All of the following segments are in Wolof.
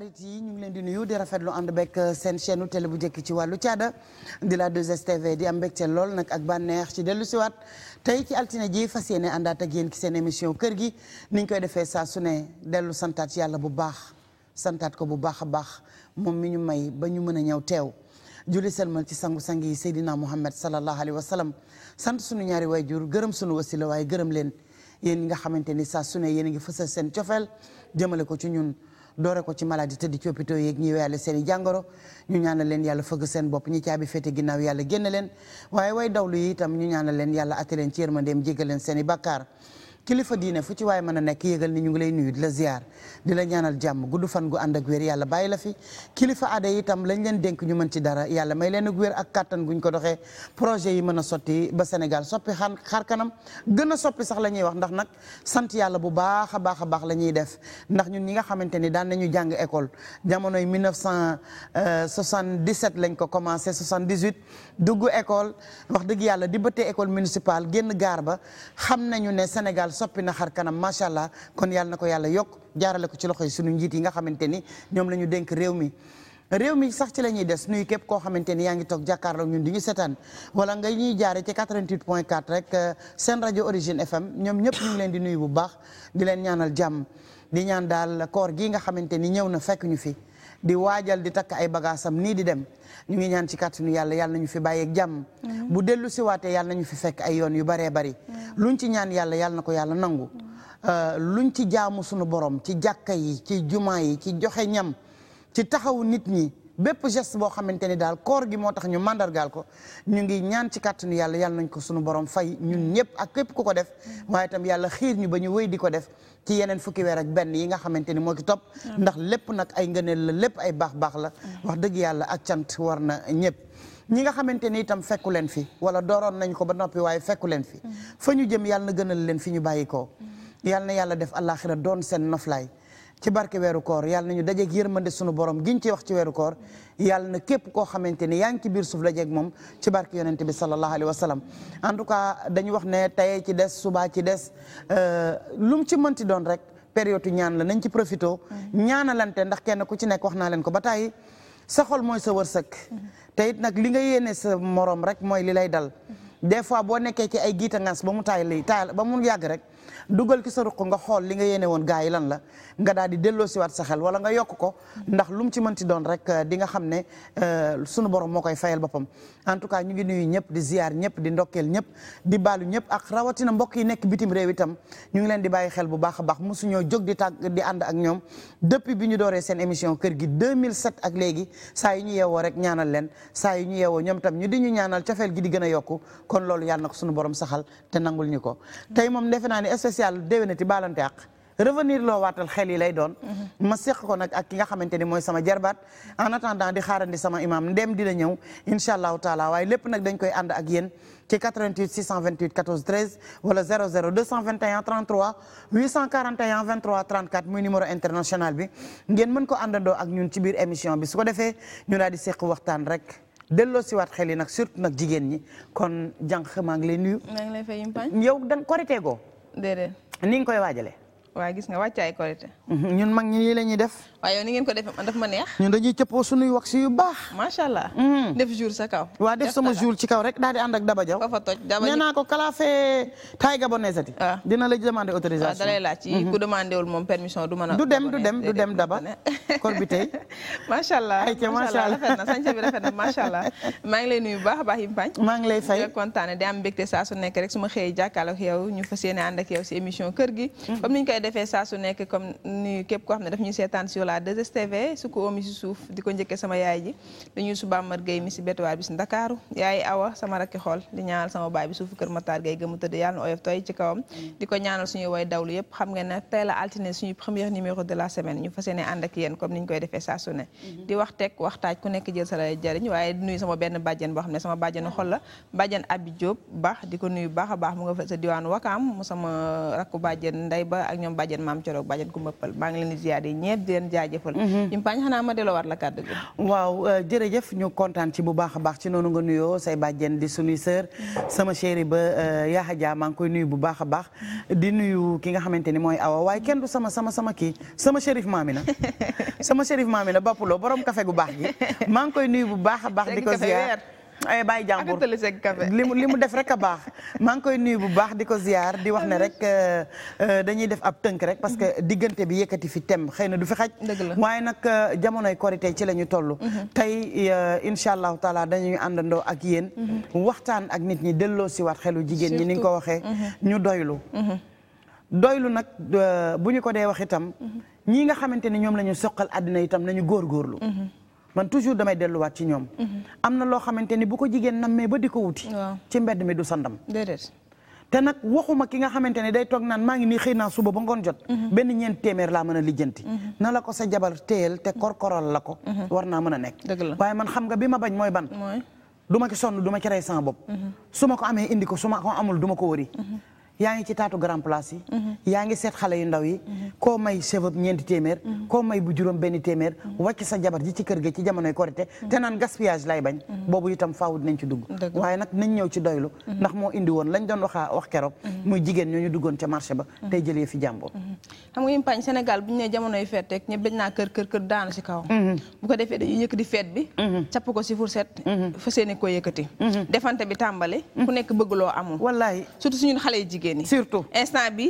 xarit yi ñu ngi leen di nuyu di rafetlu ànd bekk euh, seen chaîne télé bu jëkk ci wàllu caada di la 2STV di am mbégte lool nag ak bànneex ci dellu siwaat tey ci altine ji fas yéene àndaat ak yéen ci seen émission kër gi ni ñu koy defee saa su ne dellu santaat yàlla bu baax santaat ko bu baax a baax moom mi ñu may ba ñu mën a ñëw teew julli selmal ci sangu-sang yi Seydina Muhammad sallallahu alayhi wa sallam sant sunu ñaari waajur gërëm sunu wasila waaye gërëm leen yen ñi nga xamante ni saa su yéen a ngi fësal seen cofeel jëmale ko ci ñun doore ko ci mala tëdd ci hôpitaux yeeg ñi weyale seen i jàngoro ñu ñaanal leen yàlla fëgg seen bopp ñi caabi féete ginnaaw yàlla génn leen waaye way dawlu yi itam ñu ñaanal leen yàlla atte leen ci yërmandeem jéggal leen seen i bakkaar kilifa diine fu ci waaye mën a nekk yégal ni ñu ngi lay nuyu di la ziar di la ñaanal jàmm gudd fan gu ànd ak wér yàlla bàyyi la fi kilifa aada itam lañ leen dénk ñu mën ci dara yàlla may leen ak wér ak kàttan guñ ko doxee projet yi mën a sotti ba Sénégal soppi xar kanam gën a soppi sax la ñuy wax ndax nag sant yàlla bu baax a baax a baax la ñuy def ndax ñu ñi nga xamante ni daan nañu jàng école jamonoy 1977 lañ ko commencé 78 dugg école wax dëgg yàlla di bëttee école municipale génn gaar ba xam nañu ne soppi na xar kanam macha allah kon yàlla ko yàlla yokk jaarale ko ci loxo yi sunu njiit yi nga xamante ni ñoom la ñu dénk réew mi. réew mi sax ci la ñuy des nuyu képp koo xamante ni yaa ngi toog jàkkaarloo ñun di ñu seetaan wala nga ñuy jaare ci 88 point rek euh, seen rajo origine FM ñoom ñëpp ñu leen di nuyu bu baax di leen ñaanal jàmm di ñaan daal koor gi nga xamante ni ñëw na fekk ñu fi. di waajal di takk ay bagaasam nii di dem ñu ngi ñaan ci kàttanu yàlla yàlla ñu fi bàyyeeg jàmm bu dellu siwaatee yàlla ñu fi fekk ay yoon yu baree bari luñ ci ñaan yàlla yàlla na ko yàlla nangu lu euh, luñ ci jaamu sunu borom ci jàkka yi ci jumaa yi ci joxe ñam ci taxaw nit ñi bépp gest boo xamante ni daal koor gi moo tax ñu mandargaal ko ñu ngi ñaan ci kàttanu yàlla yàlla nañ ko sunu borom fay ñun ñëpp ak képp ku ko def waaye itam yàlla xiir ñu ba ñu wéy di ko def ci yeneen fukki weer ak benn yi nga xamante ni moo ci topp ndax lépp nag ay ngëneel la lépp ay baax baax la wax dëgg yàlla ak cant war na ñëpp ñi nga xamante ni itam fekku leen fi wala dooroon nañ ko ba noppi waaye fekku leen fi fa ñu jëm yàlla na gënal leen fi ñu bàyyi ko yàlla na yàlla def àllaaxira doon seen noflaay ci barke weeru koor yàlla nañu mën yërmande sunu borom giñ ci wax ci weeru koor yàlla na képp koo xamante ni yaa ngi ci biir suuf dajeeg moom ci barke yonente bi sallallahu alayhi wa sallam en tout cas dañu wax ne tey ci des subaa ci des euh, lu mu ci mënti doon rek période ñaan la nañ ci profité ñaanalante ndax kenn ku ci nekk wax naa leen ko ba tey sa xol mooy sa wërsëg te it nag li nga yéene sa morom rek mooy li lay dal des fois boo nekkee ci ay giita ngas ba mu taay li taay ba mu yàgg rek dugal ki sa ruq nga xool li nga yéene woon gaa yi lan la nga daal di delloo siwaat sa xel wala nga yokk ko ndax lu mu ci mënti doon rek euh, di nga xam ne euh, sunu borom moo koy fayal boppam en tout cas ñu ngi nuyu ñëpp di ziar ñëpp di ndokkeel ñëpp di baalu ñëpp ak rawatina mbokk yi nekk bitim réew itam ñu ngi leen di bàyyi xel bu baax a baax mosuñoo jóg di tàgg ànd ak ñoom depuis bi ñu dooree seen émission kër gi 2007 ak léegi saa yu ñu yeewoo rek ñaanal leen saa yu ñu yeewoo ñoom tam ñu di ñu ñaanal cofeel gi di gën a yokku kon loolu yàlla na ko sunu borom saxal te nangul ñu ko spécial déwénati baalante àq revenir loo waatal xel yi lay doon mhm. ma seq ko nag ak ki nga xamante ni mooy sama jarbaat en attendant di xaarandi sama imam ndem dina ñëw incha allahu taala waaye lépp nag dañ koy ànd ak yéen ci 88 628 14 13 wala 00 221 33 841 23 34 muy numéro international bi ngeen mën ko àndandoo ak ñun ci biir émission bi su ko defee ñu daal di seq waxtaan rek delloo si waat xel yi nag surtout nag jigéen ñi kon jànq maa ngi lay nuyu. maa ngi lay fay yow da nga korité goo déedéet ni nga koy waajalee. waaw gis nga wàccaay korite mhm, ñun mag ñi yi la ñuy def waaye yow ni ngeen ko defee man daf ma neex ñun dañuy cëppoo suñuy wax si yu baax macha allah mhm. def jour sa kaw waa def sama jour ci kaw rek daal di ànd daba jaw fa toj daba nee ko kalaafe taay gabonaise ati ah. dina la demander autorisation waaw ah, da lay laaj ci mhm. ku demandé wul moom permission du mën a du dem du dem dem daba kor bi tey macha allah ay ca macha allah rafet bi rafet na macha allah maa ngi lay nuyu baax a baax yimpañ maa ngi lay fay di kontaane di am mbégte saa su nekk rek su ma xëyee jàkkaarloo ak yow ñu fas yéene kër gi koy defee saa su nekk comme ni képp koo xam ne daf ñuy seetaan sur la 2STV su ko omi si suuf di ko njëkkee sama yaay ji dañuy suba Mar Gueye mi si bétuwaar bi si Ndakaaru yaay awa sama rakki yëpp xam nga ne tey la altine suñu premier numéro de la semaine ñu fas yéene ñu koy defee saa su ne mhm. di wax teg waxtaaj ku nekk jël sa la benn bàjjen boo xam ne sama bàjjenu xol la bàjjen Abi Diop baax di ko nuyu baax a baax mu nga fa sa diwaanu Wakaam mu sama rakku bàjjen nday ba ak ñoom ñoom bàjjen maam Coroog bàjjen ku mbëppal maa ngi leen di ziar yi ñeet di leen jaajëfal mhm. Impagne xanaa ma delloowaat la kàddu gi waaw euh, jërëjëf ñu kontaan ci bu baax a baax ci noonu nga nuyoo say bàjjen di sunuy sœur sama chéri ba euh, Yaxa jaa maa ngi koy nuyu bu baax a baax di nuyu ki nga xamante ni mooy awa waaye kenn du sama sama sama kii sama chérif Mamina sama chérif Mamina Bapuloo borom café gu baax gi maa ngi koy nuyu bu baax a baax di ko ziar ay eh, bàyyi jàmbur li mu li mu def rek a baax maa ngi koy nuyu bu baax di ko ziar di wax ne rek euh, euh, dañuy def ab tënk rek parce que mhm. diggante bi yëkkati fi tem xëy na du fi xaj waaye nag euh, jamonoy korite ci la ñu toll mhm. tey incha allahu taala dañuy àndandoo ak yéen mhm. waxtaan ak nit ñi delloo siwaat xelu jigéen ñi ni nga ko waxee ñu doylu doylu nag bu ñu ko dee wax itam ñii nga xamante ni ñoom la soqal àddina itam nañu góorgóorlu man toujours damay delluwaat ci ñoom. Mhm. am na loo xamante ni bu ko jigéen nammee ba di ko wuti. ci mbedd mi du sandam. te nag waxuma ki nga xamante ne day toog naan maa ngi nii xëy naa suba ba ngoon jot. Mhm. benn ñeent téeméer laa mën a lijjanti. Mhm. na la ko sa jabar téyel te korkoral la ko. war naa mën a nekk. waaye man xam nga bi ma bañ mooy ban. du ma ci sonn du ma ci rey sama bopp. su ma ko amee indi ko su ma ko amul du ma ko wëri. yaa ngi ci taatu grand place yi mhm. yaa ngi seet xale yu ndaw yi mhm. koo may cheveux ñeenti téeméer mhm. koo may bu juróom benn téeméer wàcc sa jabar ji ci kër ga ci jamonoy korité te naan gaspillage lay bañ boobu itam faaw dinañ ci dugg waaye nag nañ ñëw ci doylu ndax moo indi woon lañ doon waxaa wax keroog muy jigéen ñoo ñu duggoon ca marché ba tey jëlee fi jàmbur xam nga impañ Sénégal bu ñu ne jamonoy feet rek ñëpp dañ naa kër kër daanu si kaw bu ko defee jigéen ñi. surtout instant bi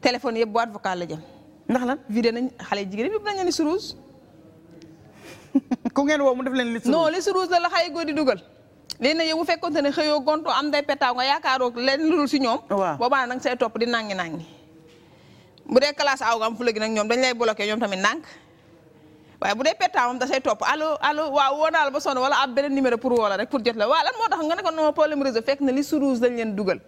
téléphone yëpp boîte vocale la jëm. ndax lan vidéo nañ xale jigéen ñi nañ leen suruus. ku ngeen woo mu def leen li. non li suruus la la xale góor di dugal. léegi nag yow bu fekkonte ne xëyoo gonto am day petaaw nga yaakaaroo leen lu dul si ñoom. waaw boobaa nag say topp di nangi nangi. bu dee classe aw nga am ñoom dañ lay bloqué ñoom tamit ndànk waaye bu dee petaaw am da say topp allo allo waaw woo ba sonn wala ab beneen numéro pour woo la rek pour jot la waaw lan moo tax nga ne ko non problème leen dugal.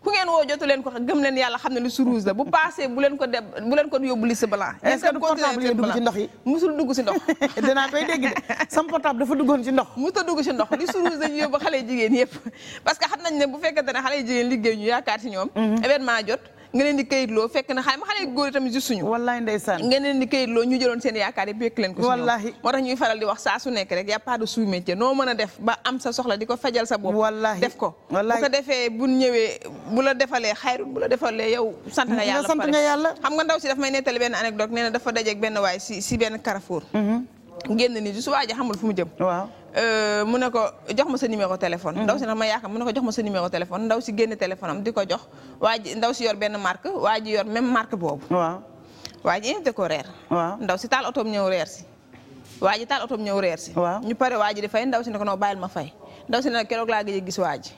ku ngeen woo jotu leen ko gëm leen yàlla xam ne lu su rouge la bu passé bu leen ko de bu leen ko yóbbu liste blanc est-ce que portable yi dugg ci ndox yi musul dugg ci ndox dinaa koy dégg de sam portable dafa duggoon si ndox musul dugg ci ndox li su dañu yóbbu xale jigéen yëpp parce que xam nañ ne bu fekkente ne xale jigéen liggéey ñu yaakaar ci ñoom mhm. événement jot ngeen leen di këyitloo fekk na xale ma xale góor yi tamit ju suñu wallaay ndeysaan nga leen di ñu jëloon seen yaakaar yi bekk leen ko suñu wallaay moo tax ñuy faral di wax saasu nekk rek y a pas de noo mën a def ba am sa soxla di ko fajal sa bopp wallaay def ko bu ko defee bu ñëwee bu la defalee xayru bu la defalee yow sant nga yàlla sant nga yàlla xam nga ndaw si daf may nettali benn anecdote nee na dafa dajeeg benn waay si si benn carrefour mm-hmm. génn nii juste waa a xamul fu mu jëm. waaw euh, mu ne ko jox ma sa numéro téléphone. Mm-hmm. ndaw si nag ma yaakaar mu ne ko jox ma sa numéro téléphone ndaw si génn téléphone di ko jox waa ji ndaw si yor benn marque waa ji yor même marque boobu. waaw waa ji invité ko reer. waaw ndaw si taal otoom ñëw reer si. waa ji taal otoom ñëw reer si. waaw ñu pare waa ji di fay ndaw si ne ko noo bàyyil ma fay ndaw si nag keroog laa gëj a gis waa ji.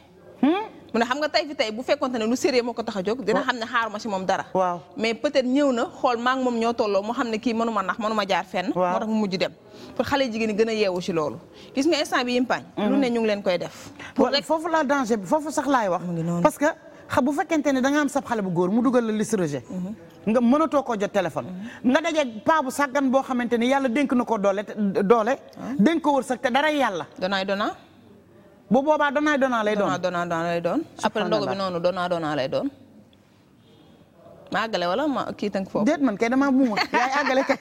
Hmm? mu ne xam nga tey fi tey bu fekkonte ne lu sérieux moo ko tax a jóg dina xam ne xaaruma si moom dara waaw mais peut-être ñëw na xool maa ngi moom ñoo tolloo mu xam ne kii mënuma nax mënuma jaar fenn moo tax mu mujj dem pour xale si loolu gis nga instant bi mhm. ne ñu ngi leen koy def pour rek foofu la danger bi foofu sax laay wax parce que xam bu fekkente ne da nga am sab xale bu góor mu dugal la liste rejet mhm. nga mënatoo koo jot téléphone mhm. nga daje paa bu boo xamante ni yàlla dénk na ko doole doole ah. dénk ko wërsëg te dara yàlla donaay dona bu boobaa donnaa donnaa lay doon donnaa donnaa lay doon. après ndogu bi noonu donnaa donnaa lay doon. ma àggale wala ma kii tënk foofu. déet man kay damaa buuma yaay àggale kay.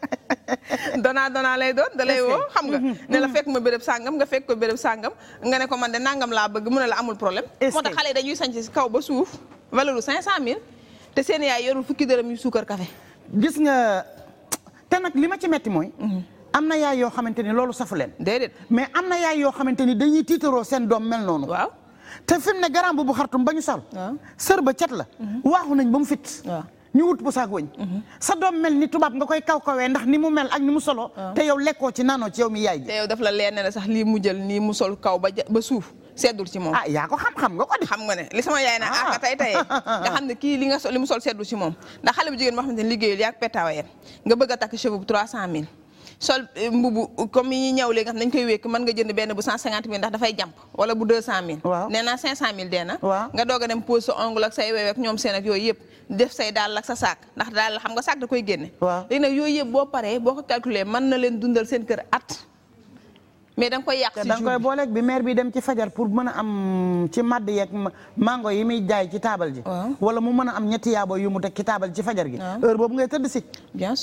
donnaa donnaa lay doon da lay woo xam nga. Mm-hmm. ne la mm-hmm. fekk ma bërëb sàngam nga fekk ko béréb sàngam nga ne ko man de nangam laa bëgg mu ne la amul problème. moo tax xale yi dañuy sañc si kaw ba suuf valeur bu 500000 te seen yaay yorul fukki dërëm yu suukar café. gis nga te nag li ma ci metti mooy. Mm-hmm. am na yaay yoo xamante ni loolu safu leen. déedéet mais am na yaay yoo xamante ni dañuy tiitaroo seen doom mel noonu. waaw te fi mu ne garam bu bu xartum ba ñu sol. sër ba cat la. Mhm. waaxu nañ ba mu fit. ñu wut bu saak mhm. sa doom mel ni tubaab nga koy kaw kawee ndax ni mu mel ak ni mu solo. te yow lekkoo ci naanoo ci yow mi yaay ji. te yow daf la leer ne sax lii mu jël nii mu sol kaw ba ba suuf. seddul ci moom ah yaa ko xam-xam nga ko di xam nga ne li sama yaay na ah ka tay tay nga xam ne kii li nga sol li mu sol seddul ci moom ndax xale bu jigéen boo xamante ne liggéeyul a takk cheveux bu trois mille sol eh, mbubu comme yi ñuy ñaw léegi nga xam dañ koy wékk mën nga jënd benn bu 150 mille ndax dafay jàmp wala bu 200 mille waaw nee naa 500 mille dee na nga doog a dem pose sa ongle ak say wewe ak ñoom seen ak yooyu yëpp def say daal ak sa saak ndax daal xam nga saak da koy génne waaw léegi nag yooyu yëpp boo paree boo ko calculé na leen dundal seen kër at mais da koy yàq si da nga bi maire bi dem ci fajar pour mën a am ci madd yeeg mango yi muy jaay ci taabal ji wala mu mën a am ñetti yaabo yu mu teg ci taabal ci fajar gi heure boobu ngay tëdd si bien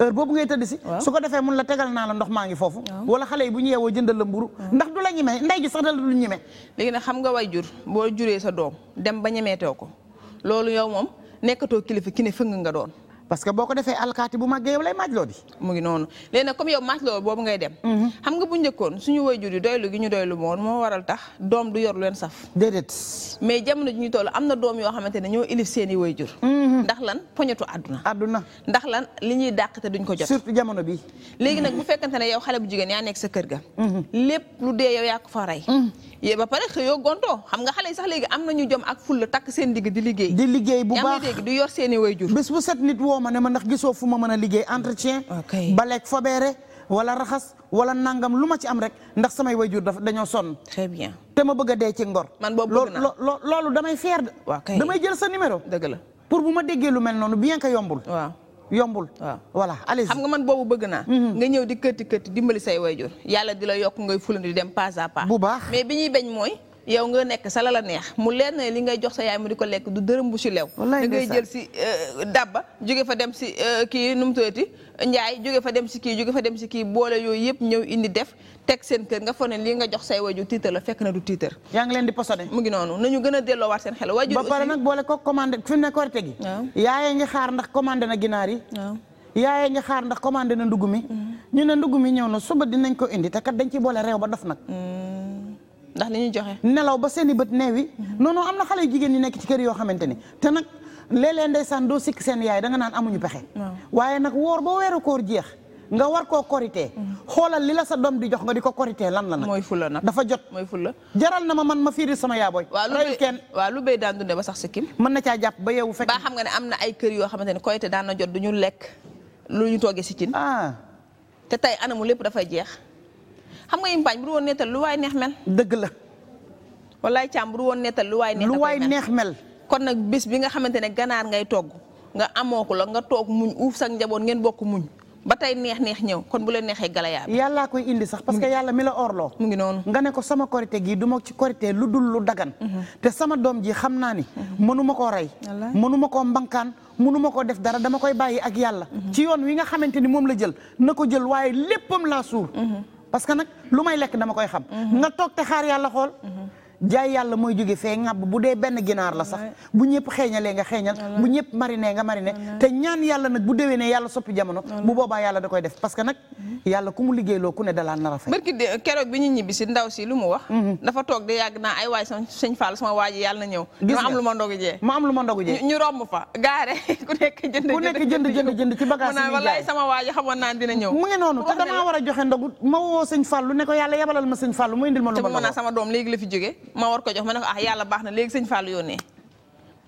heure boobu ngay tëdd si su ko defee mun la tegal naa la ndox maa ngi foofu wala xale yi bu ñu yeewoo jëndal la mburu ndax du la ñeme ndey ji sax dala du ñeme léegi ne xam nga way jur boo juree sa doom dem ba ñemeetoo ko loolu yow moom nekkatoo kilifa ki ne fëng nga doon parce que boo ko defee alkaati bu màggee yow lay maajloo di mu ngi noonu léegi nag comme yow maajloo boobu ngay dem mhm. xam nga bu njëkkoon suñu waajur yi doylu gi ñu doylu moon moo waral tax doom du yor leen saf déedéet mais jamono ji ñu toll am na doom yoo xamante ne ñoo ilif seen i waajur mhm. ndax lan poñetu àdduna àdduna ndax lan li ñuy dàq te duñ ko jot surtout jamono bi léegi nag bu fekkante ne yow xale bu jigéen yaa nekk sa kër ga mhm. lépp lu dee yow yaa ko fa rey yee a pare xëyoo gontoo xam nga xale yi sax léegi am nañu jom ak fulla takk seen digg di liggéey di liggéey bu baax dégg di yor seeni waajur bés bu set nit woo ma ne ma ndax gisoo fu ma mën a liggéey entretien ah, baleeg fobeere wala raxas wala nangam lu ma ci am rek ndax samay waajur dafa dañoo sonn très bien te ma bëgg a dee ci ngor man boobu loolu damay fier damay jël sa numéro dëgg la pour bu ma déggee lu mel noonu bien que yombul waaw yombul ah. voilà allez xam nga man boobu bëgg naa mhm. nga ñëw di këtti këtti dimbali say wayjur yàlla di la yokk ngay fulandi di dem pas à bu baax mais bi ñuy bañ mooy yow nga nekk sa la la neex mu leen na li ngay jox sa yaay mu di ko lekk du dërëm bu ci lew da ngay jël si euh, dabba jóge fa dem si euh, kii nu mu tuddati njaay jóge fa dem si kii jóge fa dem si kii boole yooyu yëpp ñëw indi def teg seen kër nga foog ne lii nga jox say wajur tiitar la fekk na du tiitar yaa ngi leen di posone mu ngi noonu nañu gën a delloowaat seen xel wajur ba pare nag boole ko commandé fi mu ne korite gi yaaya ngi xaar ndax commandé na ginaar yi yaaya ngi xaar ndax commandé na ndugg mi mm-hmm. ñu ne ndugg mi ñëw na suba dinañ ko indi te dañ ci boole réew ba dof nag mm-hmm. ndax dañuy joxe nelaw ba seen bët neewi non non am na xale jigéen ñi nekk ci kër yoo xamante ni te nag léeg-léeg ndeysaan doo sikk seen yaay danga naan amuñu pexe waaye nag woor ba weeru koor jeex nga war koo korité mm. xoolal li la sa doom di jox nga di ko korité lan la nag mooy fulla nag dafa jot mooy fulla jaral na ma man ma fiiri sama yaabooy rayu kenn waaw lu béy daan dunde ba sax sikkim mën na caa jàpp ba yow fekk ba xam nga ne am na ay kër yoo xamante ne korité daan na jot du ñu lekk lu ñu toogee si cin ah te tey anamu lépp dafay jeex xam nga Impaañ bu dul woon nettal lu waay neex mel. dëgg la. walaay Thiam bu dul woon nettal lu waay neex. lu waay neex mel kon nag bis bi nga xamante ne ganaar ngay togg nga amoo ko la nga toog muñ uuf sax njaboot ngeen bokk muñ. ba tey neex neex ñëw kon bu leen neexee galaya yàlla yàllaa koy indi sax parce que yàlla mi la orloo mu ngi noonu nga ne ko sama korité gi du ma ci korité lu dul lu dagan mhm. te sama doom ji xam naa ni mhm. mënuma koo rey mënuma koo mbankaan mënuma koo def dara dama koy bàyyi ak yàlla mhm. ci yoon wi nga xamante ni moom la jël na ko jël waaye léppam laa suur parce que nag lu may lekk dama koy xam. Mhm. nga toog te xaar yàlla xool. Mhm. jaay yàlla mooy jóge fee ŋàbb bu dee benn ginaar la sax bu ñëpp xeeñalee nga xeeñal bu ñëpp mariné nga mariné te ñaan yàlla nag bu déwénee yàlla soppi jamono bu boobaa yàlla da koy def parce que nag mhm. yàlla ku mu liggéeyloo ku ne dalaa nar a fay barki de keroog bi ñu ñibbi si ndaw si lu mu wax mhm. dafa toog de waa yàlla na ñëw ma am lu ma ndogu jee ma am lu ma ndogu jee ñu romb fa gaare ku nekk jënd ku nekk jënd jënd jënd ci bagage yi wallaay sama waa xamoon naa dina ñëw mu ngi noonu te damaa war a joxe ndogu ma woo sëñ Fall yàlla yabalal ma sëñ Fall mu la fi jóge ma war ko jox ma ne ko ah yàlla baax na léegi sëñ Fallou yónnee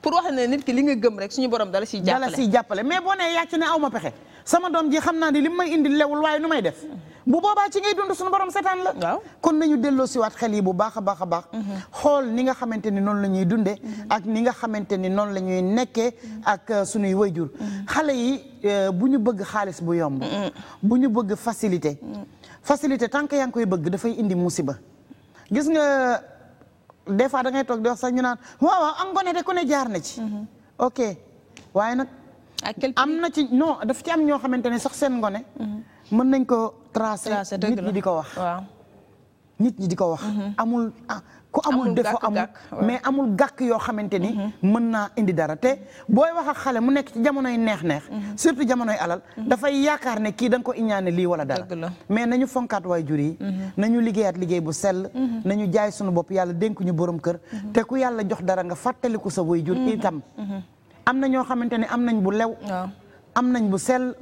pour wax ne nit ki li nga gëm rek suñu borom dala siy jàppale dala siy jàppale mais boo nee yàcc ne aw ma pexe sama doom ji xam naa ni li may indi lewul waaye nu may def bu boobaa ci ngay dund suñu borom setaan la waaw kon nañu delloo siwaat xel yi bu baax a baax a baax mhm. xool ni nga xamante ni noonu la ñuy dunde mhm. ak ni nga xamante ni noonu la ñuy nekkee ak euh, suñuy wayjur mhm. xale yi euh, bu ñu bëgg xaalis bu yomb bu ñu bëgg facilité facilité tant que yaa ngi koy bëgg dafay indi musiba des fois da ngay toog di wax sax ñu naan waaw waaw am gone de ku ne jaar na ci. Mhm. ok waaye nag. am na ci non daf ci am ñoo xamante ne sax seen ngone mhm. mën nañ ko tracer nit ñi di ko wax. nit ñi di ko wax. Mhm. amul ah ku amul défaut amul mais amul gàkk yoo xamante ni. Mhm. mën naa indi dara te booy wax ak xale mu nekk ci jamonoy neex-neex. Mhm. surtout jamonoy alal. dafay yaakaar ne kii da ko iñaane lii wala dara. mais nañu fonkaat waajur yi. nañu liggéeyaat liggéey bu sell. nañu jaay sunu bopp yàlla dénk ñu borom kër. te ku yàlla jox dara nga fàttaliku sa waajur itam. am na ñoo xamante ni am nañ bu lew. am nañ bu sell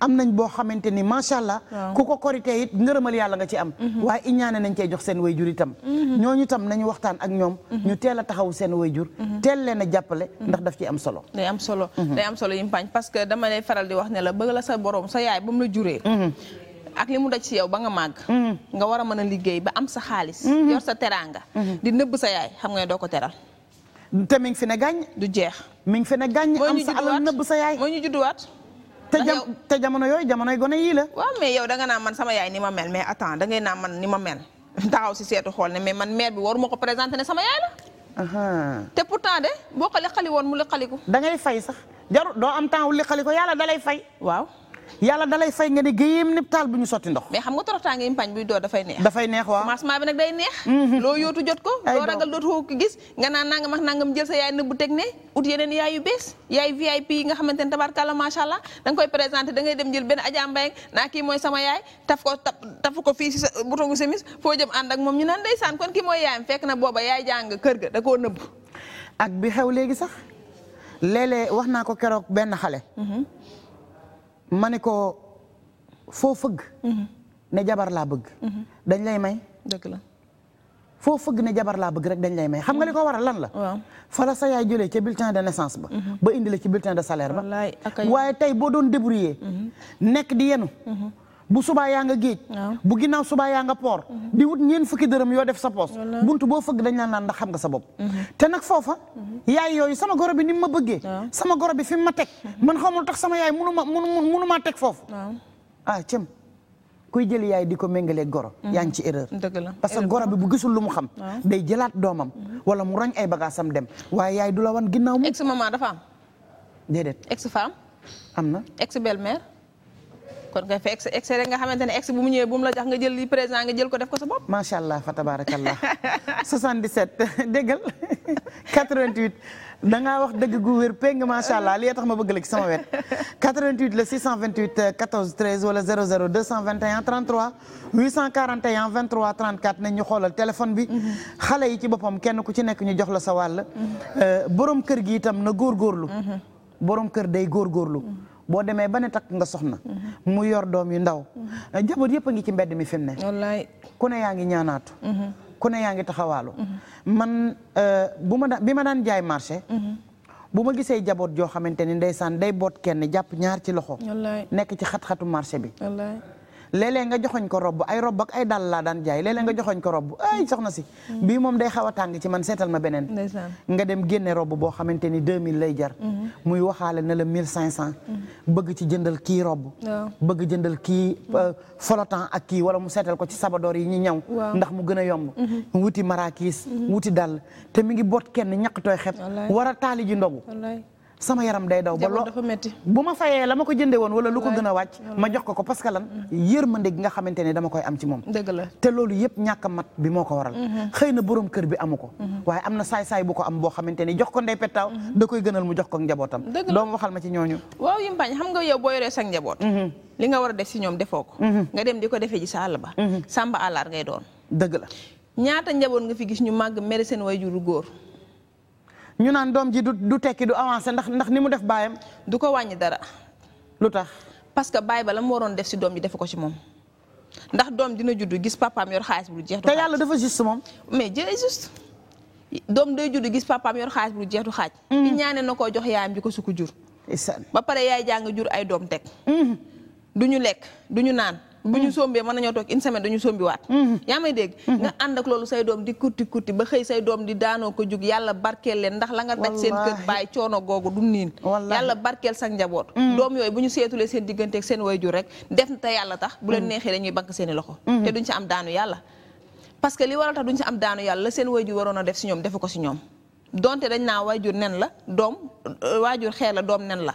am nañ boo xamante ni macha allah ku ko korite it ngërëmal yàlla nga ci am mhm. waaye iñaane nañ cee jox seen way jur itam mhm. ñooñu tam nañu waxtaan ak ñoom mhm. ñu teel a taxaw seen way jur teel leen a jàppale ndax daf ci am solo day am solo day am solo yimpañ parce que dama leen faral di wax ne la bëgg la sa borom sa yaay ba la juree ak li mu daj ci yow ba nga màgg nga war a mën a liggéey ba am sa xaalis yor sa teraanga di nëbb sa yaay xam nga ne doo ko teral te mi ngi fi ne gàññ du jeex mi ngi fi ne gàññ am sa alal nëbb sa yaay moo ñu judduwaat te jamono yooyu jamonoy gone yii la waaw mais yow da nga naan man sama yaay ni ma mel mais attends da ngay naan man ni ma mel taxaw si seetu xool ne mais man mère bi waru ko présenté ne sama yaay la te pourtant de boo ko li xali woon mu li xaliku da ngay fay sax jarul doo am temps wu li xali ko yàlla da lay fay waaw yàlla dalay fay nga ni géyeem nip taal bu ñu sotti ndox mais xam nga toroxtaange impañ buy door dafay neex dafay neex waaw commencement bi nag day neex mhm. loo yootu jot ko loo ragal dootoo ko gis nga naan nangam ak nangam jël sa yaay nëbbu teg ne ut yeneen yaay yu bees yaay VIP yi nga xamante ne tabarkàlla macha allah da nga koy présenté da ngay dem jël benn Adja Mbaye naa kii mooy sama yaay taf ko taf taf ko fii si sa boutongu semis foo jëm ànd ak moom ñu naan ndeysaan kon kii mooy yaayam fekk na booba yaay jàng kër ga da koo nëbb ak bi xew léegi sax léeg wax naa ko keroog benn xale mhm. ma ne ko foo fëgg. Mhm. ne jabar laa bëgg. Mhm. dañ lay may. dëgg la foo fëgg ne jabar bëgg rek dañ lay may xam nga li mhm. ko waral lan la. waaw la sa yaay jëlee ca bulletin de naissance ba. ba indi la ci bulletin de salaire ba. waaye tey boo doon débrouiller. nekk di yenu. bu subaa yaa nga géej bu ginnaaw subaa yaa nga poor mhm. di wut ñeen fukki dërëm yoo def sa poos buntu boo fëgg dañ la naan ndax xam nga sa bopp mhm. te nag foofa mhm. yaay yooyu sama goro bi ni ma bëggee sama goro bi fi ma teg man xamul tax sama yaay munu ma munu munu maa teg foofu ah cëm kuy jël yaay di ko méngaleeg goro yaa ngi ci erreur parce que goro bi bu lu mu xam day jëlaat doomam wala mu roñ ay bagaasam dem waaye yaay du la wan ginnaaw mu ex maman dafa am déedéet ex femme am na ex belle kon nga fi ex excès rek nga xamante ne ex bu mu ñëwee bu la jox nga jël ko def ko sa bopp. macha allah fa tabarakallah 77 déggal 88 da ngaa wax dëgg gu wér péng macha allah li tax ma bëgg la ci sama wet 88 la 628 14 13 wala 00 221 33 841 23 34 nañ ñu xoolal téléphone bi. Mhm. xale yi ci boppam kenn ku ci nekk ñu jox la sa wàll. Mhm. Euh, borom kër gi itam na góorgóorlu. Mhm. borom kër day góorgóorlu. boo demee ba ne takk nga soxna. mu yor doom yu ndaw. jabar yëpp a ngi ci mbedd mi fi mu ne. wallaay ku yaa ngi ñaanaatu. Mhm. ku yaa ngi taxawaalu. Mhm. man euh, bu ma daan bi ma daan jaay marché. Mhm. bu ma gisee jaboot joo xamante ni ndeysaan day boot kenn jàpp ñaar ci loxo. nekk ci xat-xatu marché bi. léeg-léeg nga joxoñ ko rob ay robb ak ay dàll laa daan jaay léeg nga joxoñ ko robb ay soxna si mm. bii moom day xaw a tàng ci man seetal ma beneen nga dem génne robb boo xamante ni 2000 lay jar mm-hmm. muy waxaale na la 1500 mm-hmm. bëgg ci jëndal kii robb bëgg jëndal kii mm-hmm. euh, flottant ak kii wala mu seetal ko ci sabadoor yi ñi ñaw ndax mu gën a yomb wuti marakiis wuti dàll te mu ngi boot kenn ñaq tooy xep war a taali ji ndogu sama yaram day daw ba loo bu ma fayee la ma ko jënde woon wala lu ko gën a ma jox ko ko parce que lan yërmande gi nga xamante dama koy am ci moom te loolu yëpp ñàkk a mat bi moo ko waral mhm. xëy na borom kër bi amu ko mhm. waaye am na saay-saay bu ko am boo xamante jox ko ndey pettaaw mhm. da koy gënal mu jox ko njabootam doom waxal ma ci ñooñu waaw yimpañ xam nga yow boo yoree sa njaboot li nga war a def si ñoom defoo ko nga dem di ko defee ji sa ñu naan doom ji du du tekki du avancé ndax ndax ni mu def baayam du ko wàññi dara. lu tax parce que baay ba la mu waroon def si doom ji defe ko ci moom. ndax doom dina juddu gis papaam yor xaalis bu jeex. du xaaj te yàlla dafa juste moom. mais Dieu est doom day juddu gis papaam yor bu jeex du xaaj. i ñaane na koo jox yaayam ji ko sukk jur. ba pare yaay jàng jur ay doom teg. Mm. du ñu lekk du ñu naan. bu ñu mm. sombee mën nañoo toog une semaine dañu sombiwaat mm-hmm. yaa may dégg mm-hmm. nga ànd ak loolu say doom di kurti kurti ba xëy say doom di daanoo ko jug yàlla barkeel leen ndax la nga seen kër bàyyi coono googu du niin yàlla barkeel sa njaboot mm. doom yooyu bu ñu seetulee seen digganteek seen way jur rek def te yàlla tax bu leen mm. neexee dañuy bank seeni loxo mm-hmm. te duñ ci am daanu yàlla parce que li waral tax duñ ci am daanu yàlla la seen wayjur waroon a def si ñoom defu ko si ñoom donte dañ naa jur nen la doom waajur xeer la doom nen la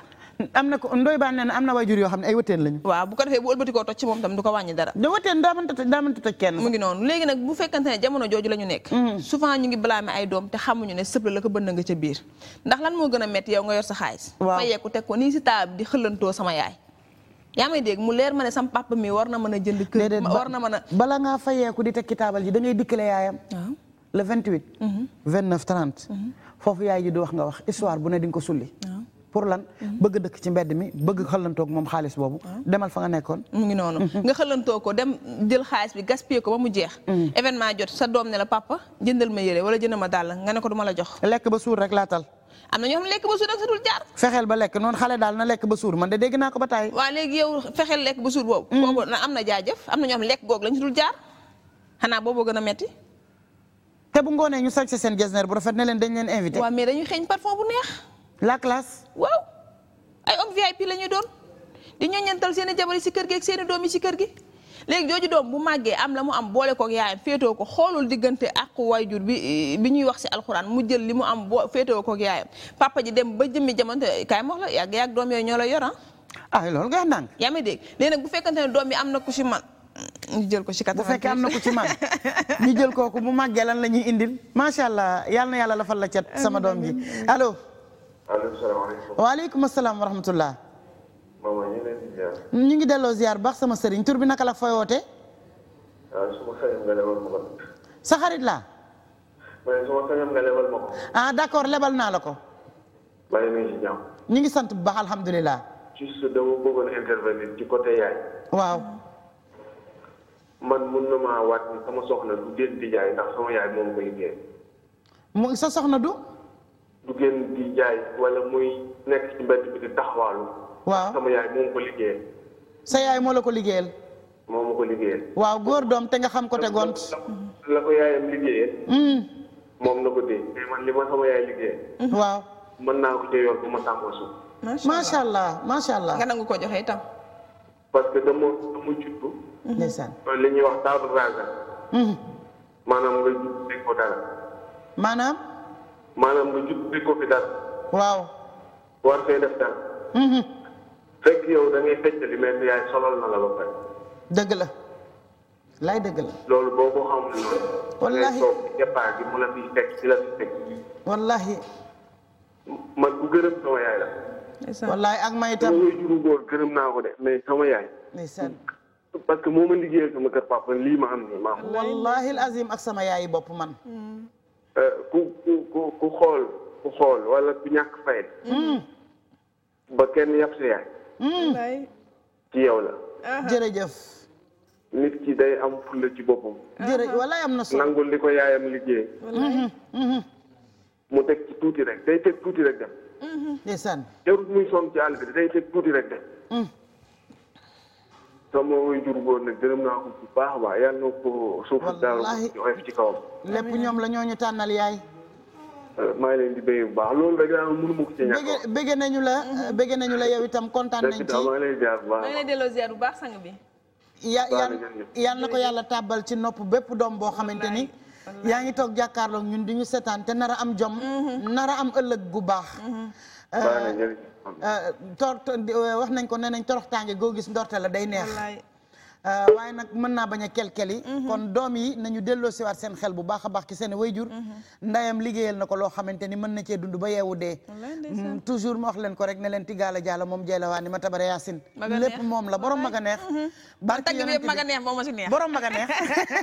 am na ko ndoy baan nee na am na waajur yoo xam ne ay wëteen lañu waaw bu ko defee bu ëlbatikoo toj ci moom tam du ko wàññi dara da wëteen daa mënta daa toj kenn mu ngi noonu léegi nag bu fekkante ne jamono jooju la nekk mm-hmm. souvent lan moo gën a metti yow nga yor sa xaalis waaw fayeeku teg ko nii mu leer ma ne sam papa war na mën a jënd kër war na mën a bala ngaa fayeeku di tekki taabal ji da ngay dikkale yaayam le 28 29 30 foofu yaay ji du wax nga wax histoire bu ne di nga ko sulli pour lan bëgg dëkk ci mbedd mi bëgg xëllantoog moom xaalis boobu ah. demal fa nga nekkoon mu ngi noonu mhm. nga xëllantoo ko dem jël xaalis bi gaspiller ko ba mu jeex mhm. événement jot sa doom ne la papa jëndal ma yére wala jëndal ma dàll nga ne ko du la jox lekk ba suur rek laatal am na ñoo lekk ba suur ak fexeel ba lekk noonu xale daal na lekk ba suur man de dégg naa ko ba taay waaw léegi yow fexeel lekk ba suur boobu mhm. boobu na am na jaajëf am na ñoo xam lekk goog lañ si dul jaar xanaa gën a metti te bu ngoonee ñu seen bu rafet ne leen dañ leen invité waaw mais dañuy xeeñ parfum bu neex la classe. waaw ay homme VIP la ñuy doon di ñoññantal seen i jabar si kër gi ak doom yi si kër gi léegi jooju doom bu màggee am la mu am boole kook yaayam féetoo ko xoolul diggante ak waajur bi bi ñuy wax si alxuraan mu jël li mu am boo féetoo kook yaayam papa ji dem ba jëmmi jamono kaay ma wax la yàgg yàgg doom yooyu ñoo la yor ah. ah loolu nga naan. yaa ngi dégg léegi bu fekkante ne doom bi am na ku si man ñu jël ko si bu fekkee am na ku ci ñu jël kooku bu màggee lan la ñuy indil macha allah yal na yàlla la cat sama doom ji waaleykum salaam wa ñu ngi delloo ziar baax sama sëriñ tur bi naka la fooy wootee. ah suma xarit nga lebal sa xarit laa. ma ah, lebal naa la ko. maa ngi ñu ngi sant bu baax alhamdulilah. juste dama bëggoon intervenir ci côté yaay. waaw. man mun na maa waat sama soxna du déet di jaay ndax sama yaay moom koy génn. mu sa soxna du. du génn di jaay wala muy nekk ci mbedd bi di taxawaalu. waaw sama yaay moo ko liggéeyal. sa yaay moo la ko liggéeyal. moo ma ko waaw góor doom nga xam ko la ko yaayam liggéeyal. Hmm. moom na ko dee mais li ma sama yaay liggéeyal. Hmm. waaw mën naa ko cee yor bu ma tàngoo suuf. macha allah macha allah nga nangu ko joxe itam. parce que dama dama judd. Hmm. ndeysaan li ñuy wax table rase. ko dara. maanaam. maanaam nga jubbi ko fi dara. waaw. war fee def dara. Mm-hmm. fekk yow da ngay feccali mais yaay solal na la ba pare. dëgg la. laay dëgg la. loolu boo ko xamul noonu. wallaahi toog départ bi mu la fi fekk ci la fi fekk. wallaahi. man ku gërëm sama yaay la. wallaahi ak may itam. ma juru góor gërëm naa ko de mais sama yaay. ndeysaan. parce que moo ma liggéeyal sama kër papa lii ma am nii ma am. wallaahi al azim ak sama yaayi bopp man. Mm. ku ku ku xool ku xool wala ku ñàkk fayet hmm. ba kenn yàpp sa yaay hmm. ci yow la jërëjëf nit ki day am fulla ci boppam jërëjëf walaay am na solo nangul li ko yaayam liggéey hmm, mu teg ci tuuti rek day teg tuuti rek dem ndeysaan jarul muy sonn ci àll day teg tuuti rek dem sama waajur góor bu baax a baax yàlla na ko suuf daal ñu oyof ñoom la ñoo ñu tànnal yaay. maa bu baax loolu rek a. bëgg nañu la mhm. bëgg nañu la yow itam kontaan nañ ci maa ngi lay bu baax maa ngi lay delloo ziar bu na ko yàlla tàbbal ci nopp bépp doom boo xamante ni. yaa ngi toog jàkkaarlook ñun di ñu seetaan te nar a am jom. Mhm. nar a am ëllëg gu baax. Mhm. Euh, tor euh, wax nañ ko nee nañ toroxtaange goo gis ndorte la day neex Euh, waaye nag mën naa bañ a kelkeli mhm. kon doom yi nañu delloo siwaat seen xel bu baax a baax ci seen wayjur mhm. ndayam liggéeyal na ko loo xamante ni mën na cee dund ba yeewu dee mm, toujours ma wax leen ko rek ne leen tigaala jaala moom jayla waa ni ma tabara yaasin moom la borom maga neex mhm. barke tagg bi yëpp maga neex moom ma si neex borom maga neex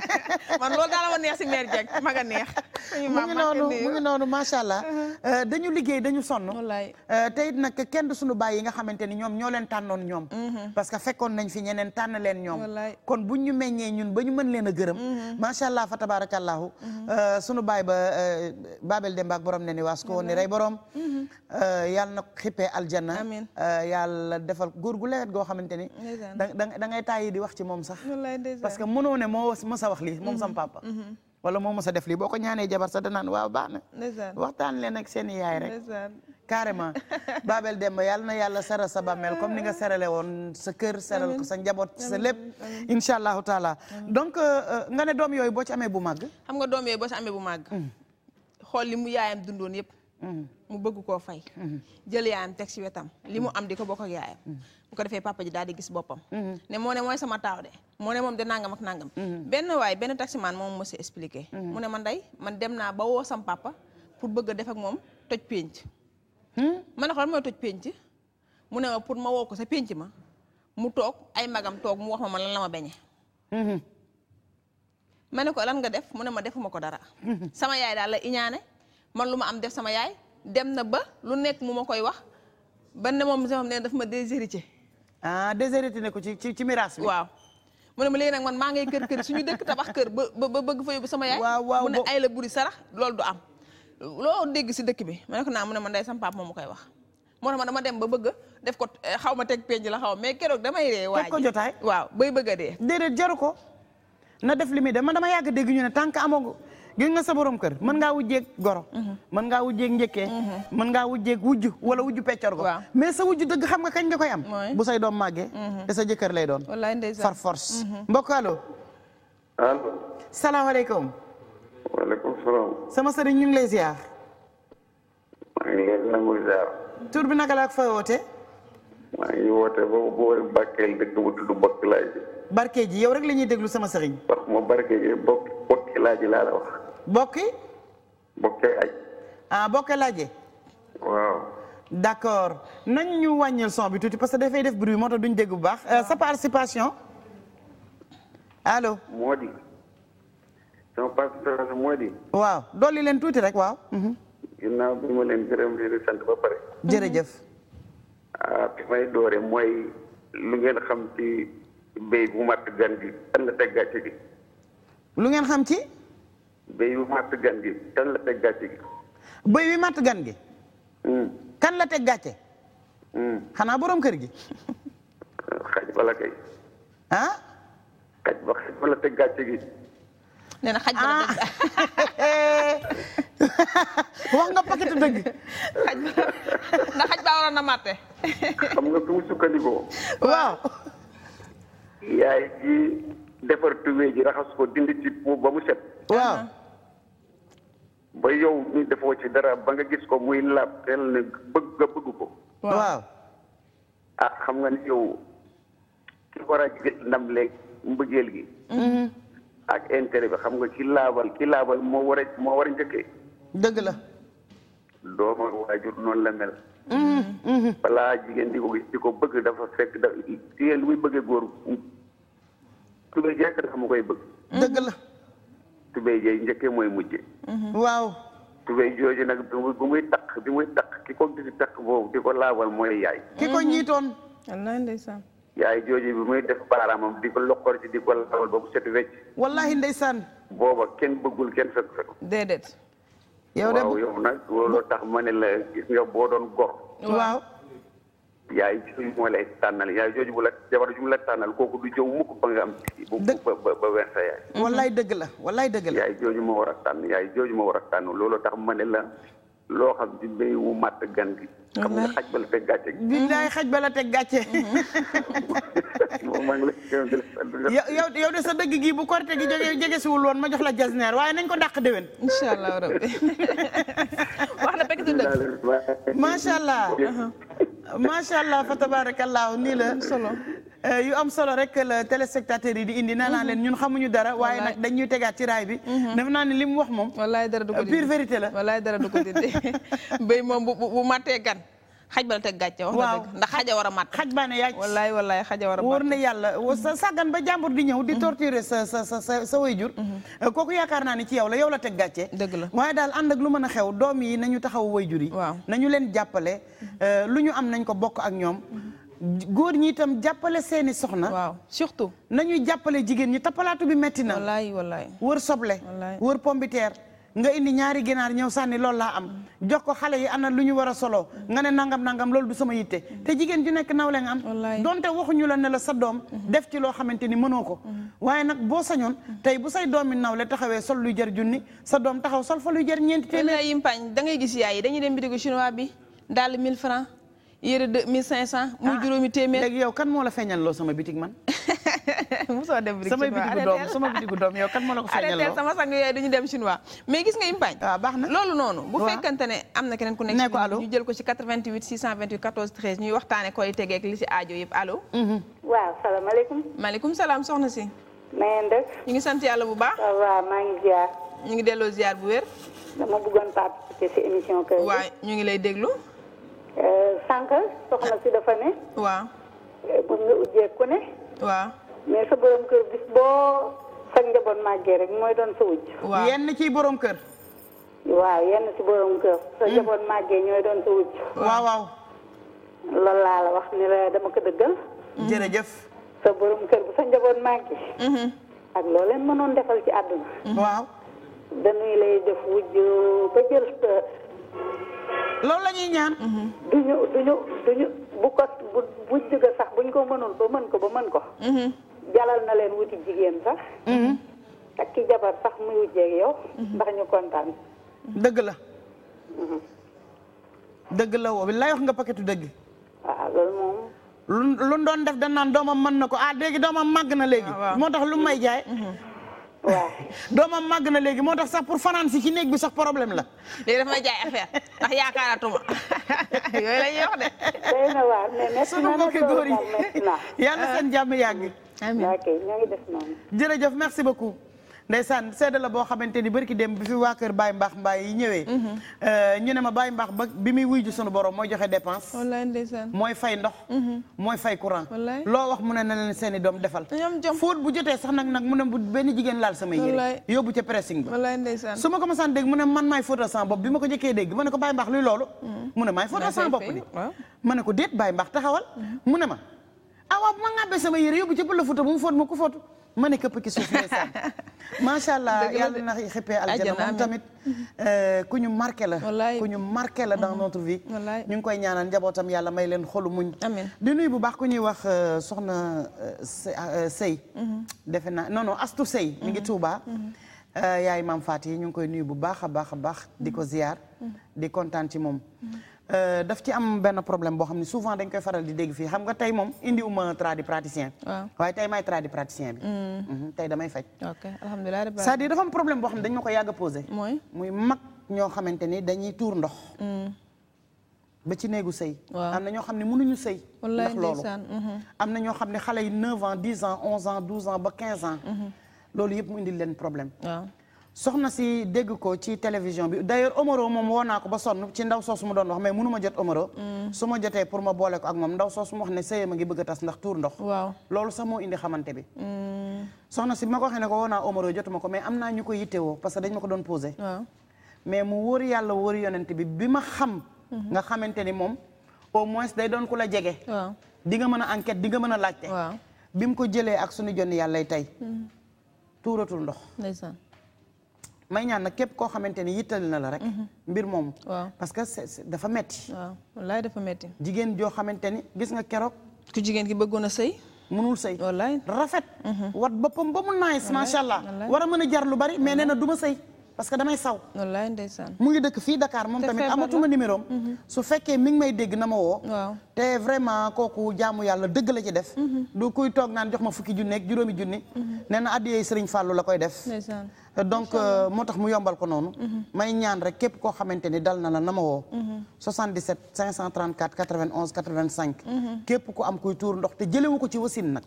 man ma neex si mère Dieng maga neex mu ngi noonu mu allah euh, dañu liggéey dañu sonn euh, te it nag kenn du suñu bàyyi yi nga xamante ni ñoom ñoo leen tànnoon ñoom parce que fekkoon nañ fi ñeneen tànn leen ñoom kon bu ñu meññee ñun ba ñu mën leen a gërëm mm-hmm. macha allah fa tabarakallahu mm-hmm. euh, sunu baay ba euh, Babel Demba ak borom ne ni waas ko woon ni rey borom mm-hmm. euh, yàlla na xippee aljanna yàlla defal góor gu lewet goo xamante ni da da ngay tàyyi di wax ci moom sax parce que mënoo ne moo mës a wax lii moom sam papa wala moo mës a def lii boo ko ñaanee jabar sa danaan waaw baax na waxtaan leen ak seen yaay rek carrément Babel Demba yàlla na yàlla seral sa bàmmeel comme ni nga serale woon sa kër seral sa njaboot sa lépp incha allahu taala donc euh, euh, nga ne doom yooyu boo ci amee bu màgg xam nga doom yooyu boo ci amee bu màgg mm. xool li mu yaayam dundoon yëpp mm. mu bëgg koo fay mm. jël yaayam teg wetam li mu am di ko bokk ak yaayam bu ko defee papa ji daal di gis boppam ne moo ne mooy sama taaw de moo ne moom de nangam ak nangam benn waay benn taximaan moom mos a expliqué mu ne man day man dem naa ba woo sam papa pour a def ak moom toj pénc Hmm? ma ne ko lan mooy toj penc mu ne ma pour ma woo ko sa penc ma mu toog ay magam toog mu wax ma man lan la ma beñe hmm. ma ne ko lan nga def mu ne ma defuma ko dara hmm. sama yaay daal la iñaane man lu ma am def sama yaay dem na ba lu nekk mu ma koy wax ba ne moom sama ne daf ma déshérité ah déshérité ne ko ci ci miraas bi waaw mu ne ma léegi nag man maa ngay kër kër suñu dëkk tabax kër ba ba bëgg fa yóbbu sama yaay mu ne ay la buri sarax loolu du am loo dégg si dëkk bi ma ne ko naa mu ne man day sam moom mu koy wax moo tax ma dama dem ba bëgg def ko eh, xaw ma teg penj la xaw mais keroog damay ree waaj ko jotaay waaw bay bëgg a dee déedéet jaru ko na def li muy def man dama yàgg dégg ñu ne tant que amoo gis nga sa borom kër mën ngaa wujjeeg goro mhm. mën ngaa wujjeeg njëkkee mhm. mën ngaa wujjeeg wuj wala wujju peccor go mais sa wujju dëgg xam nga kañ nga koy am bu say doom màggee mhm. te sa jëkkër lay doon far force mbokk allo salaamaaleykum waaleykum salaam. sama sëriñ ñu ngi lay ziar. ngi lay nangu ziar. tur bi naka la ak fooy woote. maa ngi woote ba boori Bakel dëkk bu tudd Bokkilaaji. Barkeji yow rek la ñuy déglu sama sëriñ. wax ma Barkeji bokk Bokkilaaji laa la wax. Bokki. Bokkilaaji. ah Bokkilaaji. waaw. d'accord nañ ñu wàññil son bi tuuti parce que dafay def bruit moo tax duñ dégg bu baax euh, sa participation allo. moo mooy lii. waaw dolli leen tuuti rek waaw. Mhm. ginnaaw bi ma leen gërëm leen sant ba ah bi doore mooy lu ngeen xam ci béy bu mat gan gi kan la teg gàcce gi. lu ngeen xam ci. béy bu mat gan gi kan la teg gàcce gi. béy bi mat gan gi. Hmm. kan la teg gàcce. Hmm. xanaa borom kër gi. xaj bala kay. ah. xaj ba xaj bala teg gàcce gi. nee na xaj ah. ba la dëgg. wax ba xam nga fi mu sukkandikoo. waaw. yaay ji defar tuwee ji raxas ko dindi ci puub ba mu set. waaw. ba yow ñu defoo ci dara ba nga gis ko muy laab xel ne bëgg nga bëgg ko. waaw. ah xam nga ni yow ki war a gis ndam léegi mbëggeel gi. Mm-hmm. ak intérêt bi xam nga ki laabal ki laabal moo war a moo war a njëkkee. dëgg la. doom ak waajur noonu la mel. Mm-hmm, mm-hmm. balaa jigéen di ko di ko bëgg dafa fekk da jigéen lu muy bëggee góor tubéy jee tax mu koy bëgg. Mm-hmm. dëgg la. tubéy jee njëkkee mooy mujje waaw. tubéy jooju nag bu muy takk bi muy takk ki ko gis takk boobu di ko laabal mooy yaay. ki ko ñiitoon. wallaahi ndeysaan. yaay jooju bi muy def baaraamam di ko lokkor ci di ko lawal ba mu set wecc wallahi ndeysaan booba kenn bëggul kenn fekk fekk déedéet yow de yow nag loolu tax ma ne la gis nga boo doon gor waaw yaay jooju moo lay tànnal yaay jooju bu la jabar ju la tànnal kooku du jëw mukk ba nga am ba ba weer dëgg la wallaay dëgg la yaay jooju moo war a tànn yaay jooju moo war a tànn loolu tax ma ne la loo xam di mbéy wu matt gan gi. xam nga xaj ba la teg gàcce. billaay xaj ba la teg gàcce. moom yow yow de sa dëgg gi bu korte gi jege jege si wul woon ma jox la jasneer waaye nañ ko dàq déwén. incha allah rabbi wax na fekk du dëgg. macha allah. macha allah fa tabarakallah nii la solo. Eh, yu am solo rek la téléspectateurs yi di indi nee naa mhm. leen ñun xamuñu dara waaye nag dañuy tegaat ci raay bi mhm. def naa ne li mu wax moom wallaay dara du ko dindi pure la wallaay dara du ko dindi mbéy moom bu mate màttee gan xaj ba la teg gàcce wax nga dëgg ndax war a mat xaj baa ne yaa wallaay wallaay xaja war na yàlla sa sàggan ba jàmbur di ñëw di mm-hmm. torturer sa sa sa sa sa wayjur mm-hmm. kooku yaakaar naa ni ci yow la yow la teg gàcce dëgg la waaye daal ànd ak lu mën a xew doom yi nañu taxaw jur yi waaw ñu leen jàppale mm-hmm. euh, lu ñu am nañ ko bokk ak ñoom góor ñi itam jàppale seeni soxna. waaw surtout nañuy jàppale jigéen ñi tappalaatu bi metti na wallaay wallaay wër soble wër pombiteer nga indi ñaari ginaar ñëw sànni loolu laa am jox ko xale yi ana lu ñu war a soloo nga ne nangam nangam loolu du sama yitte te jigéen ju nekk nawle nga am donte waxuñu la ne la sa doom def ci loo xamante ni mënoo ko waaye nag boo sañoon tey bu say doomi nawle taxawee sol luy jar junni sa doom taxaw sol fa luy jar ñeenti téeméer yimpañ da ngay gis yaay yi dañuy dem bitigu chinois bi daal 1000 francs yére 2500 muy ah, juróomi téeméer léegi yow kan moo la feeñal sama bitig man musoo dem brique samay bitigu doom sama bitigu doom yow kan moo la ko feeñaloo sama sang yooyu dañu dem chinois mais gis nga Impagne waaw ah, baax na loolu noonu bu fekkante ne am na keneen ku nekk ñu jël ko ci 88 628 14 13 ñuy waxtaane koy tegeek li ci aajo yëpp allo mhm. waaw salaamaaleykum maaleykum salaam soxna si na ngeen ñu ngi sant yàlla bu baax waaw maa ngi ziar ñu ngi delloo ziar bu wér dama bëggoon participer ci émission kër waaw ñu ngi lay déglu euh, sànq soxna si dafa ne waaw bu euh, nga ujjee mais sa borom kër bis boo sa njaboot màggee rek mooy doon sa wujj. waaw ciy borom kër. waaw yenn si borom kër. sa hmm. njaboot màggee ñooy doon sa wujj. waaw waaw. loolu laa la wax ni la dama ko dëggal. Hmm. jërëjëf. sa borom kër bu sa njaboot màggee. Hmm. ak loo leen mënoon defal ci àdduna. waaw. dañuy lay def wujj ba jël loolu la ñaan. duñu duñu duñu bu ko bu wujj ga sax buñ ko mënul ba mën ko ba mën ko. jalal na leen wuti jigéen sax. Mhm. takki jabar sax muy wujjeeg yow. Mhm. ndax ñu kontaan. dëgg la. Mhm. dëgg la woo lay wax nga paketu dëgg. waaw ah, lu lu doon def da naan doomam mën na ko ah léegi doomam màgg na léegi. Ah, moo tax lu may jaay. waaw doomam màgg na léegi moo tax sax pour fanaan si ci néeg bi sax problème la. léegi dafa may jaay affaire ndax yaakaaratuma yooyu la ñuy de. day na waar mais métti na sunu seen jàmm yàgg. amiin ok ñoo ngi def noonu. jërëjëf merci beaucoup. ndeysaan seede la boo xamante ni ki dem bi fi waa kër Baye Mbaax Mbaay yi ñëwee. Mhm. Euh, ñu ne ma Baye Mbaax ba bi muy wuy sunu borom mooy joxe dépense. wallaay ndeysaan mooy fay ndox. Mhm. mooy fay courant. loo wax mu ne na leen seen doom defal. foot bu jotee sax nag nag mu ne bu benn jigéen laal samay yére. yóbbu ca pressing ba. su ma ko mosaan dégg mu ne man maay fóotal sama bopp bi ma ko njëkkee dégg ma ne ko Baye Mbaax luy loolu. Mhm. mu ne maay fóotal sama bopp ko déet Baye Mbaax taxawal mu ne ma. awa bu ma ŋàbbee sama yére yóbbu ci pël la foto bu mu foot ma ku foot ma ne këpp ki suuf ndeysaan macha allah yàlla na xippee aljana moom tamit euh, ku ñu marke la ku ñu marqué la dans mm-hmm. notre vie ñu ngi koy ñaanal njabootam yàlla may leen xolu muñ amiin di nuyu bu baax ku ñuy wax euh, soxna euh, sëy mm-hmm. defe naa non astu sëy mu ngi mm-hmm. tuubaa yaay mam Faat yi ñu ngi koy nuyu bu baax a baax a baax di ko ziyaar di kontaan ci moom Euh, daf ci am benn problème boo xam ne souvent dañ koy faral di dégg fii xam nga tey moom indi indiwuma tradipraticien. waaw waaye tey may tradipraticien bi. Mm. Mm-hmm. tey damay faj. ok alhamdulilah. cest am problème boo xam ne dañ ma ko yàgg a posé. mooy muy mag ñoo xamante ni dañuy tour ndox. Mm. ba ci néegu sëy am na ñoo xam ne mënuñu sëy ndax loolu mm-hmm. am na ñoo xam ne xale yi 9 ans 10 ans 11 ans 12 ans ba 15 ans. Mm-hmm. loolu yëpp mu indil leen problème. soxna si dégg ko ci télévision bi day omoro moom woo naa ko ba sonn ci ndaw soosu mu doon wax mais mënu ma jot Omaro mm. su ma jotee pour ma boole ko ak moom ndaw soosu mu wax ne sëyam a ngi bëgg a tas ndax tuur ndox loolu sax moo indi xamante bi mm. soxna si ma waxee ne ko woo naa Omaro jotuma ko mais am naa ñu ko yittewoo parce que dañ ma ko doon posé mais mu wóor yàlla wóor yonent bi bi ma xam mm-hmm. nga xamante ni moom au moins day doon ku la jege waaw nga mën a enquête di nga mën a laajte bi mu ko jëlee ak suñu jonn yàllay tey mm-hmm. tuuratul ndox may ñaan nag képp koo xamante ni yittal na la rek. Mhm. mbir moom waaw parce que dafa metti waaw wallaay dafa metti jigéen joo xamante ni gis nga keroog. ku jigéen ki bëggoon a sëy. mënul sëy wallaay rafet. Mhm. wat boppam ba mu nice macha allah war a mën a jar lu bari mais nee na du ma sëy. parce que damay saw. wallaay ndeysaan mu ngi dëkk fii Dakar moom tamit amatuma numéro mhm. su fekkee mi ngi may dégg na ma woo. te vraiment kooku jaamu yàlla dëgg la ci def. Mhm. du kuy toog naan jox ma fukki junni ak juróomi junni. Mhm. nee na addiyee Serigne Fallou la koy def. ndeysaan donc euh, moo tax mu yombal ko noonu. may ñaan rek képp koo xamante ni dal na la na ma woo. 77 534 91 85. képp ku am kuy tuur ndox te jëlewu ko ci wasin nag.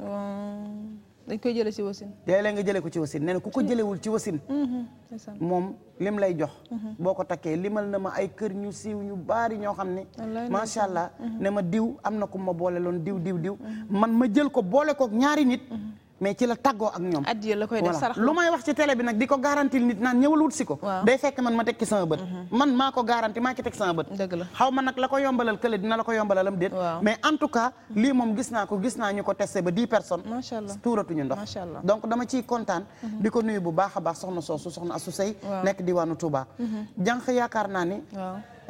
dañ koy jëlee ci wasin léeg-léeg nga jëlee ko ci wasin nee na ku ko jëlewul ci wasin mm-hmm. moom lim lay jox mm-hmm. boo ko takkee limal na ma ay kër ñu siiw ñu baari ñoo xam ne macha allah mm-hmm. ne ma diw am na ku ma boole loon diw diw diw man ma jël ko boole kook ñaari nit mais ci la tàggoo ak ñoom. lu may wax ci télé bi nag di ko garantil nit naan ñëwal ko. day fekk man ma tekki sama bët. Mhm. man maa ko garanti maa ci teg sama bët. ma en tout cas lii moom gis naa ko gis naa ñu ko testé ba dix personnes. macha allah ndox. donc dama ciy kontaan. Mhm. di ko nuyu bu baax a baax soxna soosu soxna Assou nekk diwaanu Touba. Mhm. jànq yaakaar naa ni.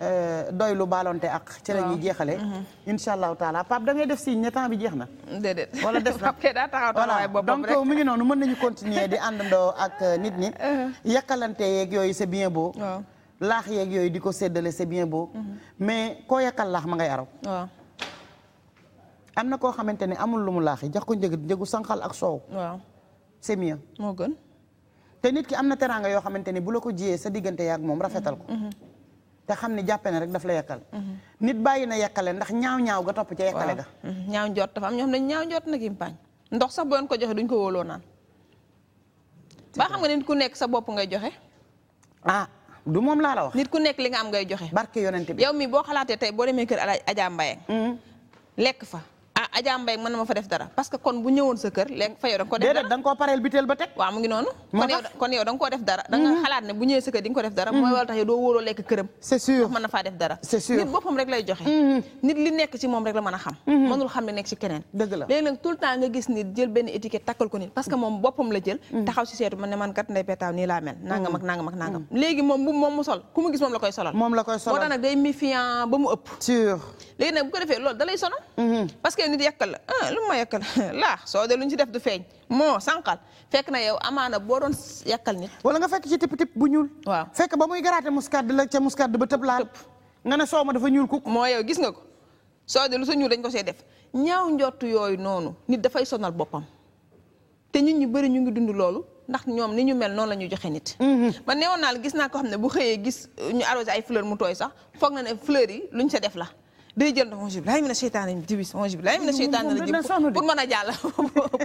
Euh, doy lu baalonte ak ci la ñuy jeexale mm-hmm. incha allahu taala Pape da ngay def si ñettan bi jeex na déedéet wala des na voilà donc mu ngi noonu mën nañu continuer di àndandoo ak euh, nit ñi uh-huh. yakkalante yeeg yooyu c'est bien beau laax yeeg yooyu di ko seddale c'est bien beau mm-hmm. mais koo yàkkal laax ma ngay araw am na koo xamante ni amul lu mu laax yi jax ko njëg njëgu sanqal ak soow waaw c'est moo gën te nit ki am na teraanga yoo xamante ne bu la ko jiyee sa diggante yaag moom rafetal ko mm-hmm. te xam ne jàppe na rek daf la yekkal mhm. nit bàyyi na yekkale ndax ñaaw-ñaaw ga topp ca yekkale ga mhm. ñaaw njort dafa am ñoo xam ne ñaaw njort na kimpañ ndox sax boon ko joxe duñ ko wóoloo naan ba xam nga nit ku nekk sa bopp ngay joxe ah du moom laa la wax nit ku nekk li nga am ngay joxe barke yonente bi yow mi boo xalaatee tey boo demee kër Adja Mbaye mhm. lekk fa ah Adja Mbaye mën na ma fa def dara parce que kon bu ñëwoon sa kër léegi fa yow da nga ko def dara da nga koo pareel biteel ba teg waaw mu ngi noonu kon yow da nga koo def dara da nga mhm. xalaat ne bu ñëwee sa kër di nga ko def dara mooy mhm. wala tax yow doo wóoloo lekk këram c'est sûr mën na faa def dara c'est sûr nit boppam rek lay joxe mhm. nit li nekk ci moom rek la mën a xam mënul xam li nekk ci keneen dëgg la léegi nag tout le temps nga gis nit jël benn étiquette takkal ko nit parce que moom boppam la jël taxaw ci seetu man ne man kat ndey petaaw nii laa mel nangam ak nangam ak nangam léegi moom bu moom mu sol ku mu gis moom la koy solal moom la koy solal moo tax nag day méfiant ba mu ëpp sûr léegi nag bu ko defee loolu da lay sonal parce que nit yàkkal la ah lu ma yàkkal laa soo de lu ñu ci def du feeñ moo sànqal fekk na yow amaana boo doon yàkkal nit wala nga fekk ci tipp tipp bu ñuul waaw fekk ba muy garaate muscade la ca muscade ba tëb laal nga ne soo ma dafa ñuul kuk moo yow gis nga ko soo de lu sa ñuul dañ ko see def ñaaw njot yooyu noonu nit dafay sonal boppam te ñun ñu bari ñu ngi dund loolu ndax ñoom ni ñu mel noonu la ñuy joxe nit. Mm-hmm. man neewoon naa la gis naa ko xam ne bu xëyee gis uh, ñu arrosé ay tooy sax foog na ne fleur yi luñ sa def la day jël ndox onge bi laay mën a seytaane ji bis onge bi laay mën a seytaane pour mën a jàll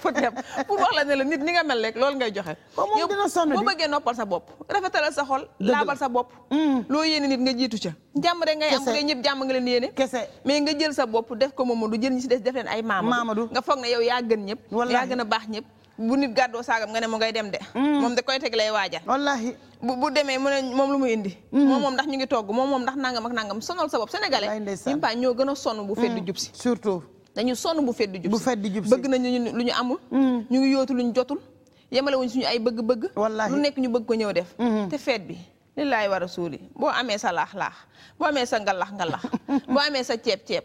pour dem pour wax la ne la nit ni nga mel rek loolu ngay joxe yow boo bëggee noppal sa bopp rafetalal sa xol laabal sa bopp mm. loo yéene nit nga jiitu ca jàmm rek nga am ngay ñëpp jàmm nga leen yéene kese mais nga jël sa bopp def ko moom du jël ñi si des def leen ay maamadu nga foog ne yow yaa gën ñëpp yaa gën a baax ñëpp bu nit gàddoo saagam nga ne mu ngay dem de. Mm. moom da koy teg lay waajal. wallaahi bu bu demee mu ne moom lu mu indi. Mm. moom moom ndax ñu ngi togg moom moom ndax nangam ak nangam sonal sa bopp sénégalais. ñun paa ñoo gën a sonn bu fedd mm. jub si. surtout dañu sonn bu fedd jub si bu fedd jub si bëgg nañu lu ñu amul. ñu ngi yootu lu ñu jotul. yemale wuñ suñu ay bëgg-bëgg. wallaahi lu nekk ñu bëgg ko ñëw def. Mm-hmm. te feet bi. li laay war a suuli boo amee sa laax laax boo amee sa ngalax ngalax boo amee sa ceeb ceeb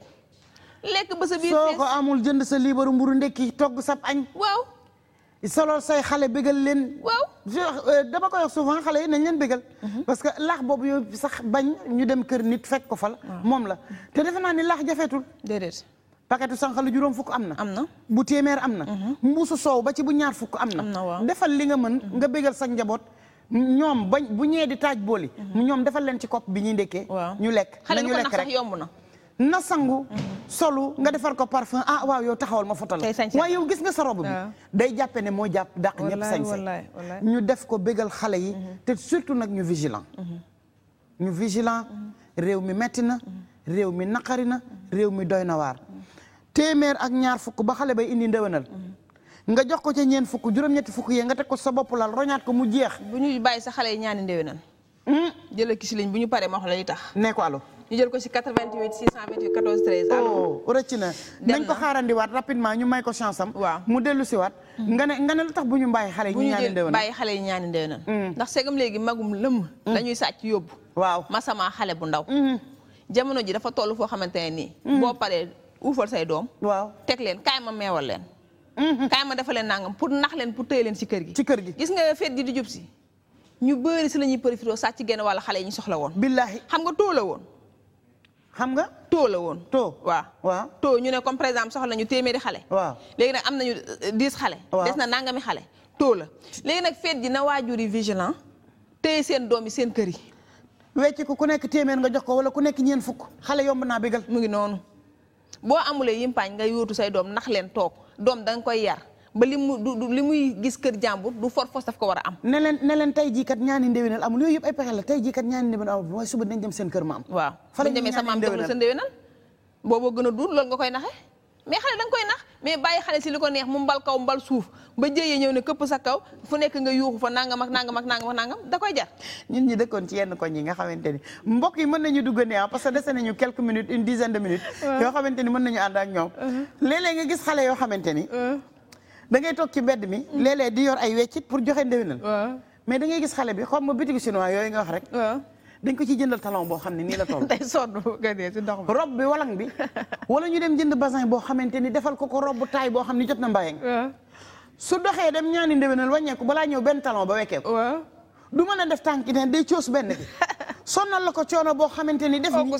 lekk ba sa biir amul jënd sa liibaru mburu ndekki togg sab añ waaw solo say xale bégal leen. waaw euh, dama koy souvent xale yi nañ leen bégal. Mhm. parce que laax boobu yow sax bañ ñu dem kër nit fekk ko fal moom la te defe naa ni laax jafeetul. déedéet paquetu sànqalu juróom fukk am na. am na bu téeméer am na. Mhm. mbuusu soow ba ci bu ñaar fukk am na. na waaw defal li nga mën mhm. nga bégal sa njaboot. ñoom bañ bu ñëwee di taaj booli. ñoom defal leen ci kopp bi ñuy ndekkee. waaw ñu lekk nañu lekk rek xale ñu ko sax yomb na. na sangu. solu nga defar ko parfum ah waaw yow taxawal ma fotal waaye yow gis nga sa robe bi ah. day jàppe ne moo jàpp dàq ñëpp sañse ñu def ko bégal xale yi mm-hmm. te surtout nag ñu vigilant mm-hmm. ñu mm-hmm. réew mi metti na réew mi naqari na réew mi doy na waar téeméer ak ñaar fukk ba xale bay indi ndewenal nga jox ko ca ñeen fukk juróom-ñetti fukk yee nga teg ko sa bopp lal roñaat ko mu jeex bu ñuy bàyyi sa xale yi ñaani ndewenal hmm? jëla si liñ bu ñu paree ma wax la li tax nee ko ñu jël ko si 88 628 14 na. nañ ko xaarandiwaat rapidement ñu may ko chance am. waaw mu dellu si waat. Hmm. nga tax bu ñu bàyyi xale ñu ñaani ndewenal bu ñu xale yi ñaani ndewenal hmm. ndax segam léegi magum lëmm. Hmm. dañuy sàcc yóbbu. waaw ma sama xale bu ndaw. jamono ji dafa toll foo xamante ne nii. boo paree uufal say doom. waaw teg leen kaay ma meewal leen. kaay ma defal leen nangam pour nax leen pour téye leen ci kër gi. ci kër gi gis nga fête ji di jub si ñu bëri si la ñuy profité sàcc genn wàll xale yi ñu soxla woon. billaahi xam nga tóola woon. xam nga taux la woon. taux waaw waaw. taux ñu ne comme par exemple soxla nañu téeméeri xale. waaw léegi nag am nañu euh, dix xale. des na nangami xale taux la. léegi nag feet ji na waajur yi vigilant tey seen doom yi seen kër yi. wecci ku ku nekk téeméer nga jox ko wala ku nekk ñeen fukk xale yomb naa bégal. mu ngi noonu boo amulee yimpaañ nga yootu say doom nax leen toog doom danga koy yar. ba li mu du li muy gis kër jàmbur du for fos daf ko war a am ne leen ne leen tey jii kat ñaani ndéwénal amul yooyu yëpp ay pexe la tey jii kat ñaani ndéwénal amul mooy suba dinañ dem seen kër maam waaw fa lañ demee sa maam demul sa ndéwénal booboo gën a duur loolu nga koy naxe mais xale da nga koy nax mais bàyyi xale si li ko neex mu mbal kaw mbal suuf ba jëyee ñëw ne këpp sa kaw fu nekk nga yuuxu fa nangam ak nangam ak nangam ak nangam da koy jar ñun ñi dëkkoon ci yenn koñ yi nga xamante ni mbokk yi mën nañu dugg ne ah parce que dese nañu quelques minutes une dizaine de minutes yoo xamante ni mën nañu ànd ak ñoom uh-huh. léeg-léeg nga gis xale yoo xamante ni uh-huh. da ngay toog ci mbedd mi léeg di yor ay weccit pour joxe ndéwénal mais da ngay gis xale bi xam ma bitigu chinois yooyu nga wax rek dañ ko ci jëndal talon boo xam ne nii la toll day sonn gane si ndox mi rob bi walang bi wala ñu dem jënd basin boo xamante ni defal ko ko rob taay boo xam ni jot na mbayeng su doxee dem ñaani ndéwénal wàññeeku balaa ñëw benn talon ba wekkee ko du mën a def tànki ne day coos benn bi sonnal la ko coono boo xamante ni def ni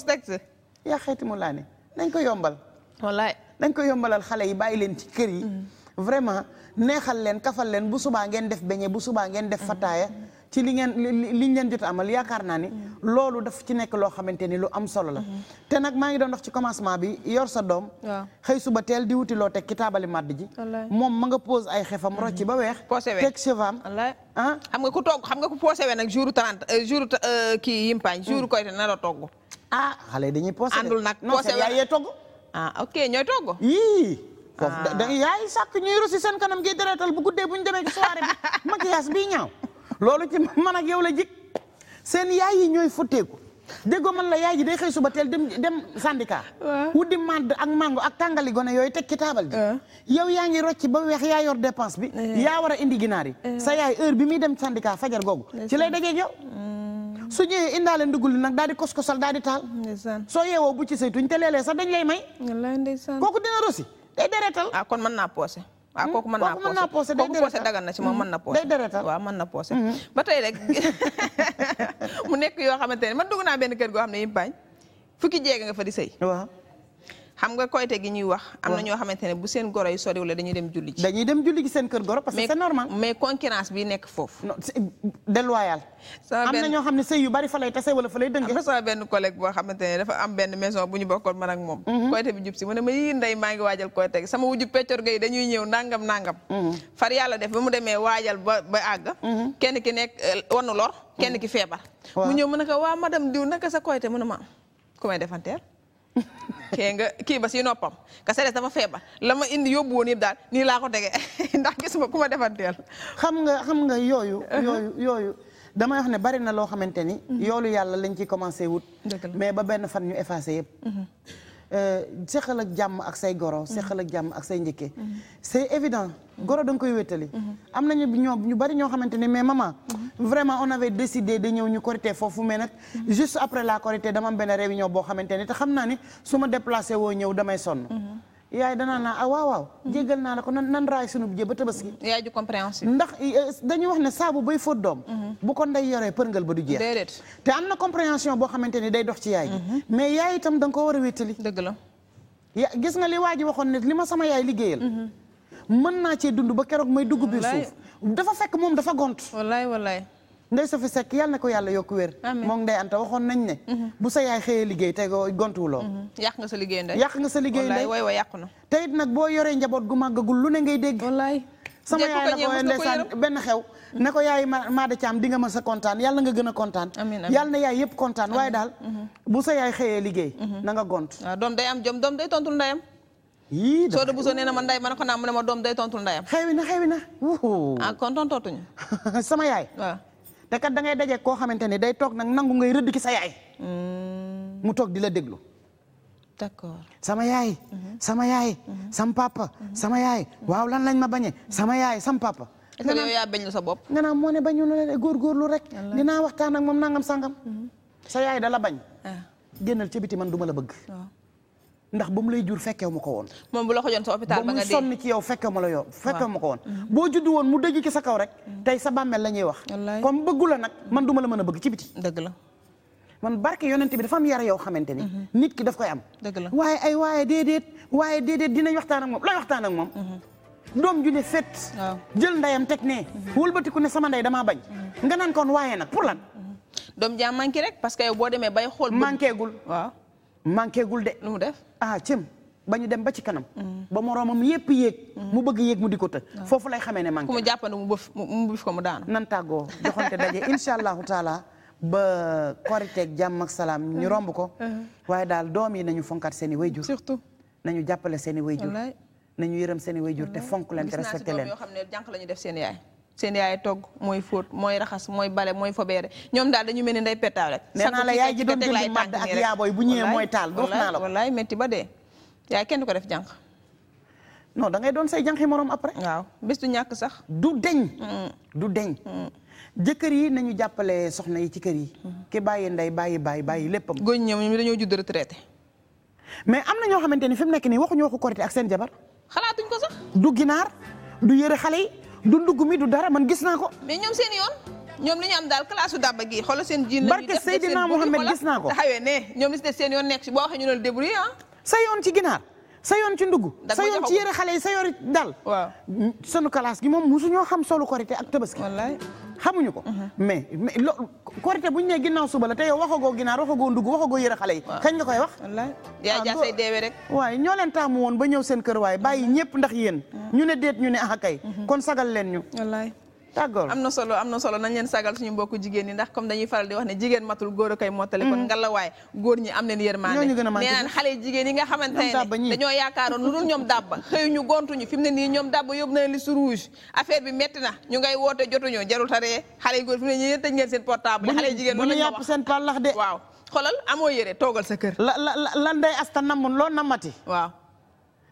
yaa xeeti mu laa ne dañ ko yombal wallaay dañ ko yombalal xale yi bàyyi leen ci kër yi mm. vraiment neexal leen kafal leen bu subaa ngeen def beñe bu subaa ngeen def fataaya ci li ngeen liñ leen jot amal yaakaar naa ni loolu daf ci nekk loo xamante ni lu am solo la te nag maa ngi doon dox ci commencement bi yor sa doom xëy suba teel di wuti loo teg ki taabali màdd ji moom ma nga pose ay xefam rocci ba weex teg chevam ah xam nga ku togg xam nga ku posé we nag jour trente euh, jour euh, kii yimpaañ jour mm. koy te na la togg ah xale dañuy pose àndul nag posé yaay yee togg ah ok ñooy togg yii foofu da ah. yaay sàkk ñuy rusi seen kanam gi deretal bu guddee bu ñu demee ci soirée bi maquillage bii ñaaw loolu ci man ak yow la jik seen yaay yi ñooy futteeku déggoo man la yaay ji day xëy suba teel dem dem syndicat wuddi màdd ak mango ak tàngali gone yooyu teg ci taabal ji yow yaa ngi rocc ba weex yaa yor dépense bi yaa war a indi ginaar yi sa yaay heure bi dem syndicat fajar googu ci lay dajeeg yow mm. su ñëwee indaale ndugul nag daal di koskosal daal di taal soo yeewoo bu ci saytuñ te léeg-léeg sax dañ lay may kooku dina rosi day deretal ah kon man naa poose waaw ah, hmm? kooku mën naa poose kooku day deretal kooku poose dagan na ci moom mën na hmm? poose day deretal waaw mën na poose hmm? ba tey rek mu nekk yoo xamante ne man dugg naa benn kër goo xam ne yimpaañ fukki jéega nga fa di sëy xam nga koyte gi ñuy wax am na ñoo xamante ne bu seen goro yi soriw la dañuy dem julli ji dañuy dem julli ji seen kër goro parce que c'est normal mais concurrence bi nekk foofu non déloyal am na ñoo xam ne sëy yu bari fa lay tase wala fa lay dënge am na sama benn collègue boo xamante ne dafa am benn maison bu ñu bokkoon man ak moom mhm. koyte bi jub si mu ne ma yii ndey maa ngi waajal koyte gi sama wujju peccor ga dañuy ñëw nangam nangam mhm. far yàlla def ba mu demee waajal ba ba àgg mhm. kenn ki nekk euh, wanu lor kenn ki feebar mu ñëw mu ne ko waa madame diw naka sa koyte mu ne ma ku may defanteel kee nga kii ba si noppam ka sedes dafa feebar la ma indi yóbbu woon yëpp daal nii laa ko tege ndax gisuma ku ma defanteel xam nga xam nga yooyu uh-huh. yooyu yooyu damay wax ne bari na loo xamante ni uh-huh. yoolu yàlla lañ ci commencé wut mais ba benn fan ñu effacé yëpp uh-huh. Euh, seqal ak jàmm ak say goro mhm. seqal ak jàmm ak say njëkke mhm. c'est évident mhm. goro da koy wétali am nañu ñoo ñu bari ñoo xamante ne mais maman vraiment on avait décidé de ñëw ñu Korité foofu mais nag juste après la Korité dama am benn réunion boo xamante ne te xam naa ni su ma déplacé woo ñëw damay sonn yaay danaa naa ah waaw waaw mhm. jéggal naa la ko nan nan raay sunu bu jë ba tabaski yaay ju compréhension ndax eh, eh, dañuy wax ne saabu bay fóot doom mhm. bu ko nday yoree përngal ba du jeex déedéet te am na compréhension boo xamante ni day dox ci yaay mhm. mais yaay itam da ko war a wéttali dëgg la gis nga li waa ji waxoon ne li ma sama yaay liggéeyal mën naa cee dund ba keroog may dugg biir suuf dafa fekk moom dafa gont wallaay wallaay Ndeye Sophie Seck yal na ko yàlla yokk wér moom Ndeye Anta waxoon nañ ne mhm. bu sa yaay xëyee liggéey te gontuwuloo mhm. yàq nga sa liggéey yàq nga sa liggéey ndey waay waay yàqu na te it nag boo yoree njaboot gu màggagul lu ne ngay dégg wallaay sama yaay na ko ndeysaan benn xew mhm. ne ko yaay Maada Thiam di nga ma sa kontaan yàlla nga gën a kontaan yàlla na yaay yëpp kontaan waaye daal bu sa yaay liggéey na nga gont doom day am jom doom day tontul ndeyam yii soo de bu soo nee na ma nday ma ne ko naa mu ne ma doom day tontul ndeyam xewi na xewi na ah kon tontootuñu sama yaay te kat da ngay daje koo xamante ni day toog nag nangu ngay rëdd ki sa yaay. Mm. mu toog di la déglu. d'accord sama yaay. Mm-hmm. sama yaay. sam papa. sama yaay waaw lan lañ ma bañee. sama yaay sam papa. nga naan yaa bañ la sa bopp. nga naa moo ne bañu la góorgóorlu rek. dinaa waxtaan ak moom nangam sangam. Mm-hmm. sa yaay dala bañ. Ah. génnal ci biti man duma la bëgg. ndax ba mu lay jur fekkew ma ko woon. moom bu la ko joon sa hôpital ba nga dee ba muy sonn ci yow fekkew mm-hmm. boo judd woon mu dëj ci sa kaw rek. Mm-hmm. tey sa bàmmeel la ñuy wax. comme bëggu la nag man duma la mën a bëgg ci biti. dëgg la man barke yonent bi dafa am yar yow xamante ni. Mm-hmm. nit ki daf koy am. dëgg la waaye ay waaye déedéet waaye déedéet dinañ waxtaan ak moom la waxtaan ak moom. doom ju ne fet jël ndeyam teg ne. wëlbati ku ne sama ndey damaa bañ. nga naan kon waaye nag pour lan. doom jaam manqué rek parce que yow boo demee bay xool. manqué gul waaw manqué gul de. nu mu def ah cim ba ñu dem ba ci kanam. Mm. ba moroomam yépp yéeg. Mm. mu bëgg yéeg mu di ko të. Ah. foofu lay xamee ne manqué. ku mu jàppandi mu bëf mu bëf ko mu daanu. nan tàggoo joxante daje incha allahu taala ba koriteeg jàmm ak salaam ñu mm. romb ko. waaye daal doom yi nañu fonkat seen i wayjur. surtout nañu jàppale seen i wayjur. nañu yërëm seen i wayjur te fonk leen te respecté leen. gis naa si xam ne jànq la ñu def seen yaay. seen yaay togg mooy fóot mooy raxas mooy bale mooy fobeere ñoom daal dañu mel ni nday petaaw rek. nee naa la yaay ji doon jël madd ak yaaboy bu taal. wax naa ko kenn ko def jànq. no da ngay doon say jànqi morom après. waaw bés du ñàkk sax. du deñ. Mm. du deñ. Mm. jëkkër yi nañu jàppale soxna yi ci kër yi. Mm. ki bàyyi nday bàyyi bàyyi bàyyi léppam. góor ñoom ñu dañoo judd retraité. mais am na ñoo xamante ni fi mu nekk nii waxuñu waxu korité ak seen jabar. xalaatuñ ko sax. du ginaar du yëre xale yi du ndugg mi du dara man gis naa ko. mais ñoom seen yoon ñoom li ñu daal classe su dàbba gi xoolal seen. jiin la ñuy def barke Seydina Mohamed gis naa ko. taxawee ne ñoom li si def seen yoon nekk si boo waxee ñu ne la débrouillé ah. sa yoon ci ginaar sa yoon ci ndugg. sa yoon ci yére xale yi sa yoon dal. waaw sunu classe gi moom mosu xam solu ko korité ak tabaski. wallaay xamuñu ko mhm. mais mais lo korité bu ñu nee ginnaaw suba la te yow waxagoo ginaar waxagoo ndugg waxagoo yëre xale yi kañ nga koy wax ah, yaa jaasay deewee rek waaye ñoo leen taamu woon ba ñëw seen kër waaye bàyyi ñëpp ndax yéen mhm. ñu ne déet ñu ne ah kay mhm. kon sagal leen ñu tàggool am na solo am na solo nañ leen sagal suñu mbokku jigéen ñi ndax comme dañuy faral di wax ne jigéen matul góor a koy mottali kon mm. ngalawaay góor ñi am leen yërmaande nee naan xale jigéen yi nga xamante ne dañoo yaakaaroon lu dul ñoom dàbba xëy gontuñu fi ne nii ñoom dàbba yóbbu na leen li bi metti na ñu ngay woote jotuñu jarul taree xale yu góor fi mu ne nii yéen tëj ngeen seen portable xale jigéen bu ñu yàpp seen pàllax de waaw xolal amoo yére toogal sa kër la la lan day asta namun loo namati waaw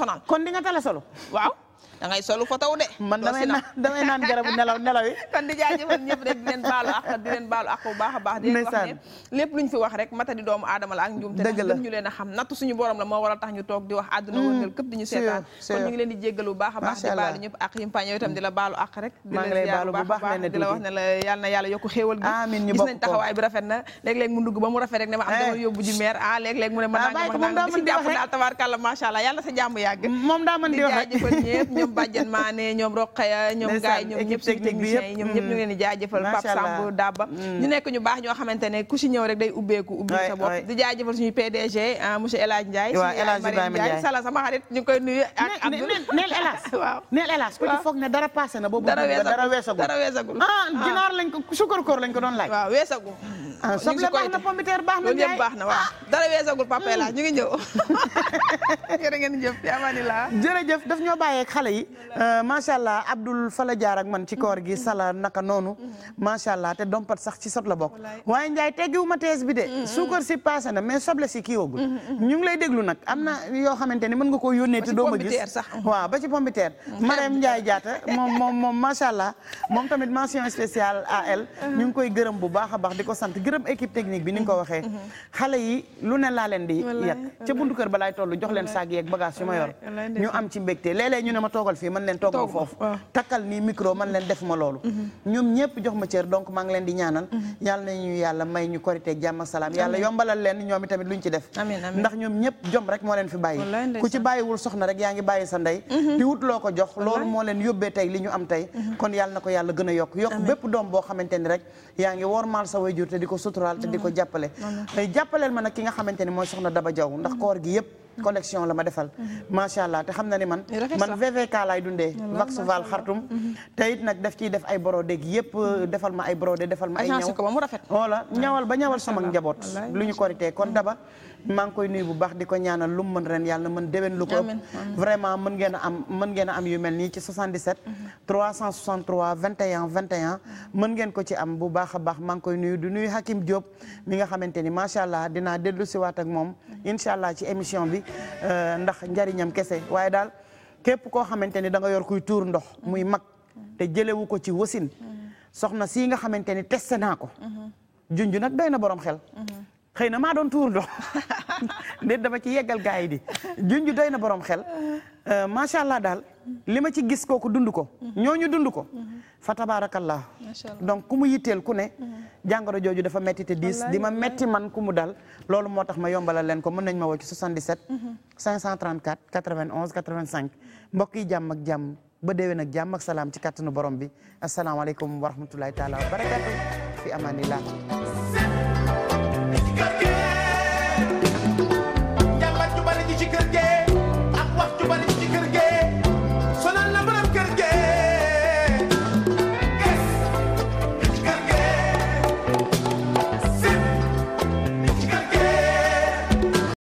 sonal. kon di nga tala solo da ngay solu fa taw de. man damay garabu nelaw nelaw kon di wax ne lépp luñ fi wax rek mata di na yàlla yokku xéewal gi. amiin ñu bokk nañ taxawaay bi rafet na léeg-léeg mu dugg ba mu rafet rek ne ma am dama eh. yóbbu ji meer ah léeg ah, sa jàmm yàgg moom daa mën di ñoom Badiane Mané ñoom Rokhaya ñoom Gaye ñoom ñëpp suñu techniciens yi ñoom ñëpp ñu ngi mm-hmm. leen di jaajëfal Pape Samb Daba mm. ñu nekk ñu baax ñoo xamante ne ku si ñëw rek day ubbeeku ubbi sa bopp di jaajëfal suñu PDG ah, monsieur El Hadj Ndiaye suñu xarit ñu koy nuyu ak Abdou neel El Hadj foog ne dara passé na boobu dara weesagul dara weesagul ah, ah. ginaar lañ ko sukar ah, ñu ngi ñëw jërë ngeen jëf jërëjëf daf yi euh, macha allah Abdul fa la jaar ak man ci koor gi sala naka noonu macha allah te dompat sax ci sot la bokk waaye Ndiaye teggiwu ma tees bi de mm-hmm. suukar si passé na mais soble si kii wagul mm-hmm. ñu ngi lay déglu nag am na yoo xamante ni mën nga koo yónnee te doo ma gis waaw ba ci pompiteer mm-hmm. Marème Ndiaye Diatta moom moom moom macha allah moom tamit mention spéciale à elle ñu ngi koy gërëm bu baax a baax di ko sant gërëm équipe technique bi ni nga ko waxee xale yi lu ne laa leen di yàq ca buntu kër ba laay toll jox leen saag yeeg bagage yu toogal fii man leen toogal foofu takkal nii micro man leen def ma loolu mm-hmm. ñoom ñëpp jox ma cër donc maa ngi leen di ñaanal mm-hmm. yàlla nañu yàlla may ñu korité jàmm salaam yàlla yombalal leen ñoom itamit luñ ci def ndax ñoom ñëpp jom rek moo leen fi bàyyi ku ci bàyyiwul soxna rek yaa ngi bàyyi sa ndey mm-hmm. di wut loo ko jox loolu moo leen yóbbee tey li ñu am tey kon yàlla ko yàlla gën a yokk yokk bépp doom boo xamante ni rek yaa ngi wormaal sa waajur te di ko suturaal te di ko jàppale collection la ma defal mhm. macha allah te xam na ni man man VVK laay dundee Vaxoval xartum mhm. te it nag daf ciy def ay brodé gi yëpp mhm. defal ma ay brodé defal ma ay ñaw wala ñawal ba ñawal sama njaboot lu ñu korité kon daba maa ngi koy nuyu bu baax di ko ñaanal lu mu mën ren yàlla mën déwén lu ko vraiment mën ngeen a am mën ngeen a am yu mel nii ci 77 363 21 21 mën ngeen ko ci am bu baax a baax maa ngi koy nuyu du nuyu Hakim Diop mi nga xamante ni macha allah dinaa dellu si waat ak moom incha allah ci émission bi euh, ndax njariñam kese waaye daal képp koo xamante ni da nga yor kuy tuur ndox muy mag te jëlewu ko ci wasin mhm. soxna sii nga xamante ni testé naa ko mhm. junj nag doy na borom xel mhm. xëy na maa doon tuur ndox ndéet dama ci yeggal gars yi di junj day na borom xel euh, macha allah daal li ma ci gis kooku dund ko. Mhm. ñooñu dund ko. Mhm. fa tabaarakallah donc ku mu yitteel ku ne. Mhm. jàngoro jooju dafa mettite te diis di ma metti man ku mu dal. loolu moo tax ma yombalal leen ko mën nañ ma woo ci 77. 534 91 85 mbokk yi jàmm ak jàmm ba déwén ak jàmm ak salaam ci kàttanu borom bi asalaamaaleykum wa rahmatulahi taala wa barakatu fi amanillah got you.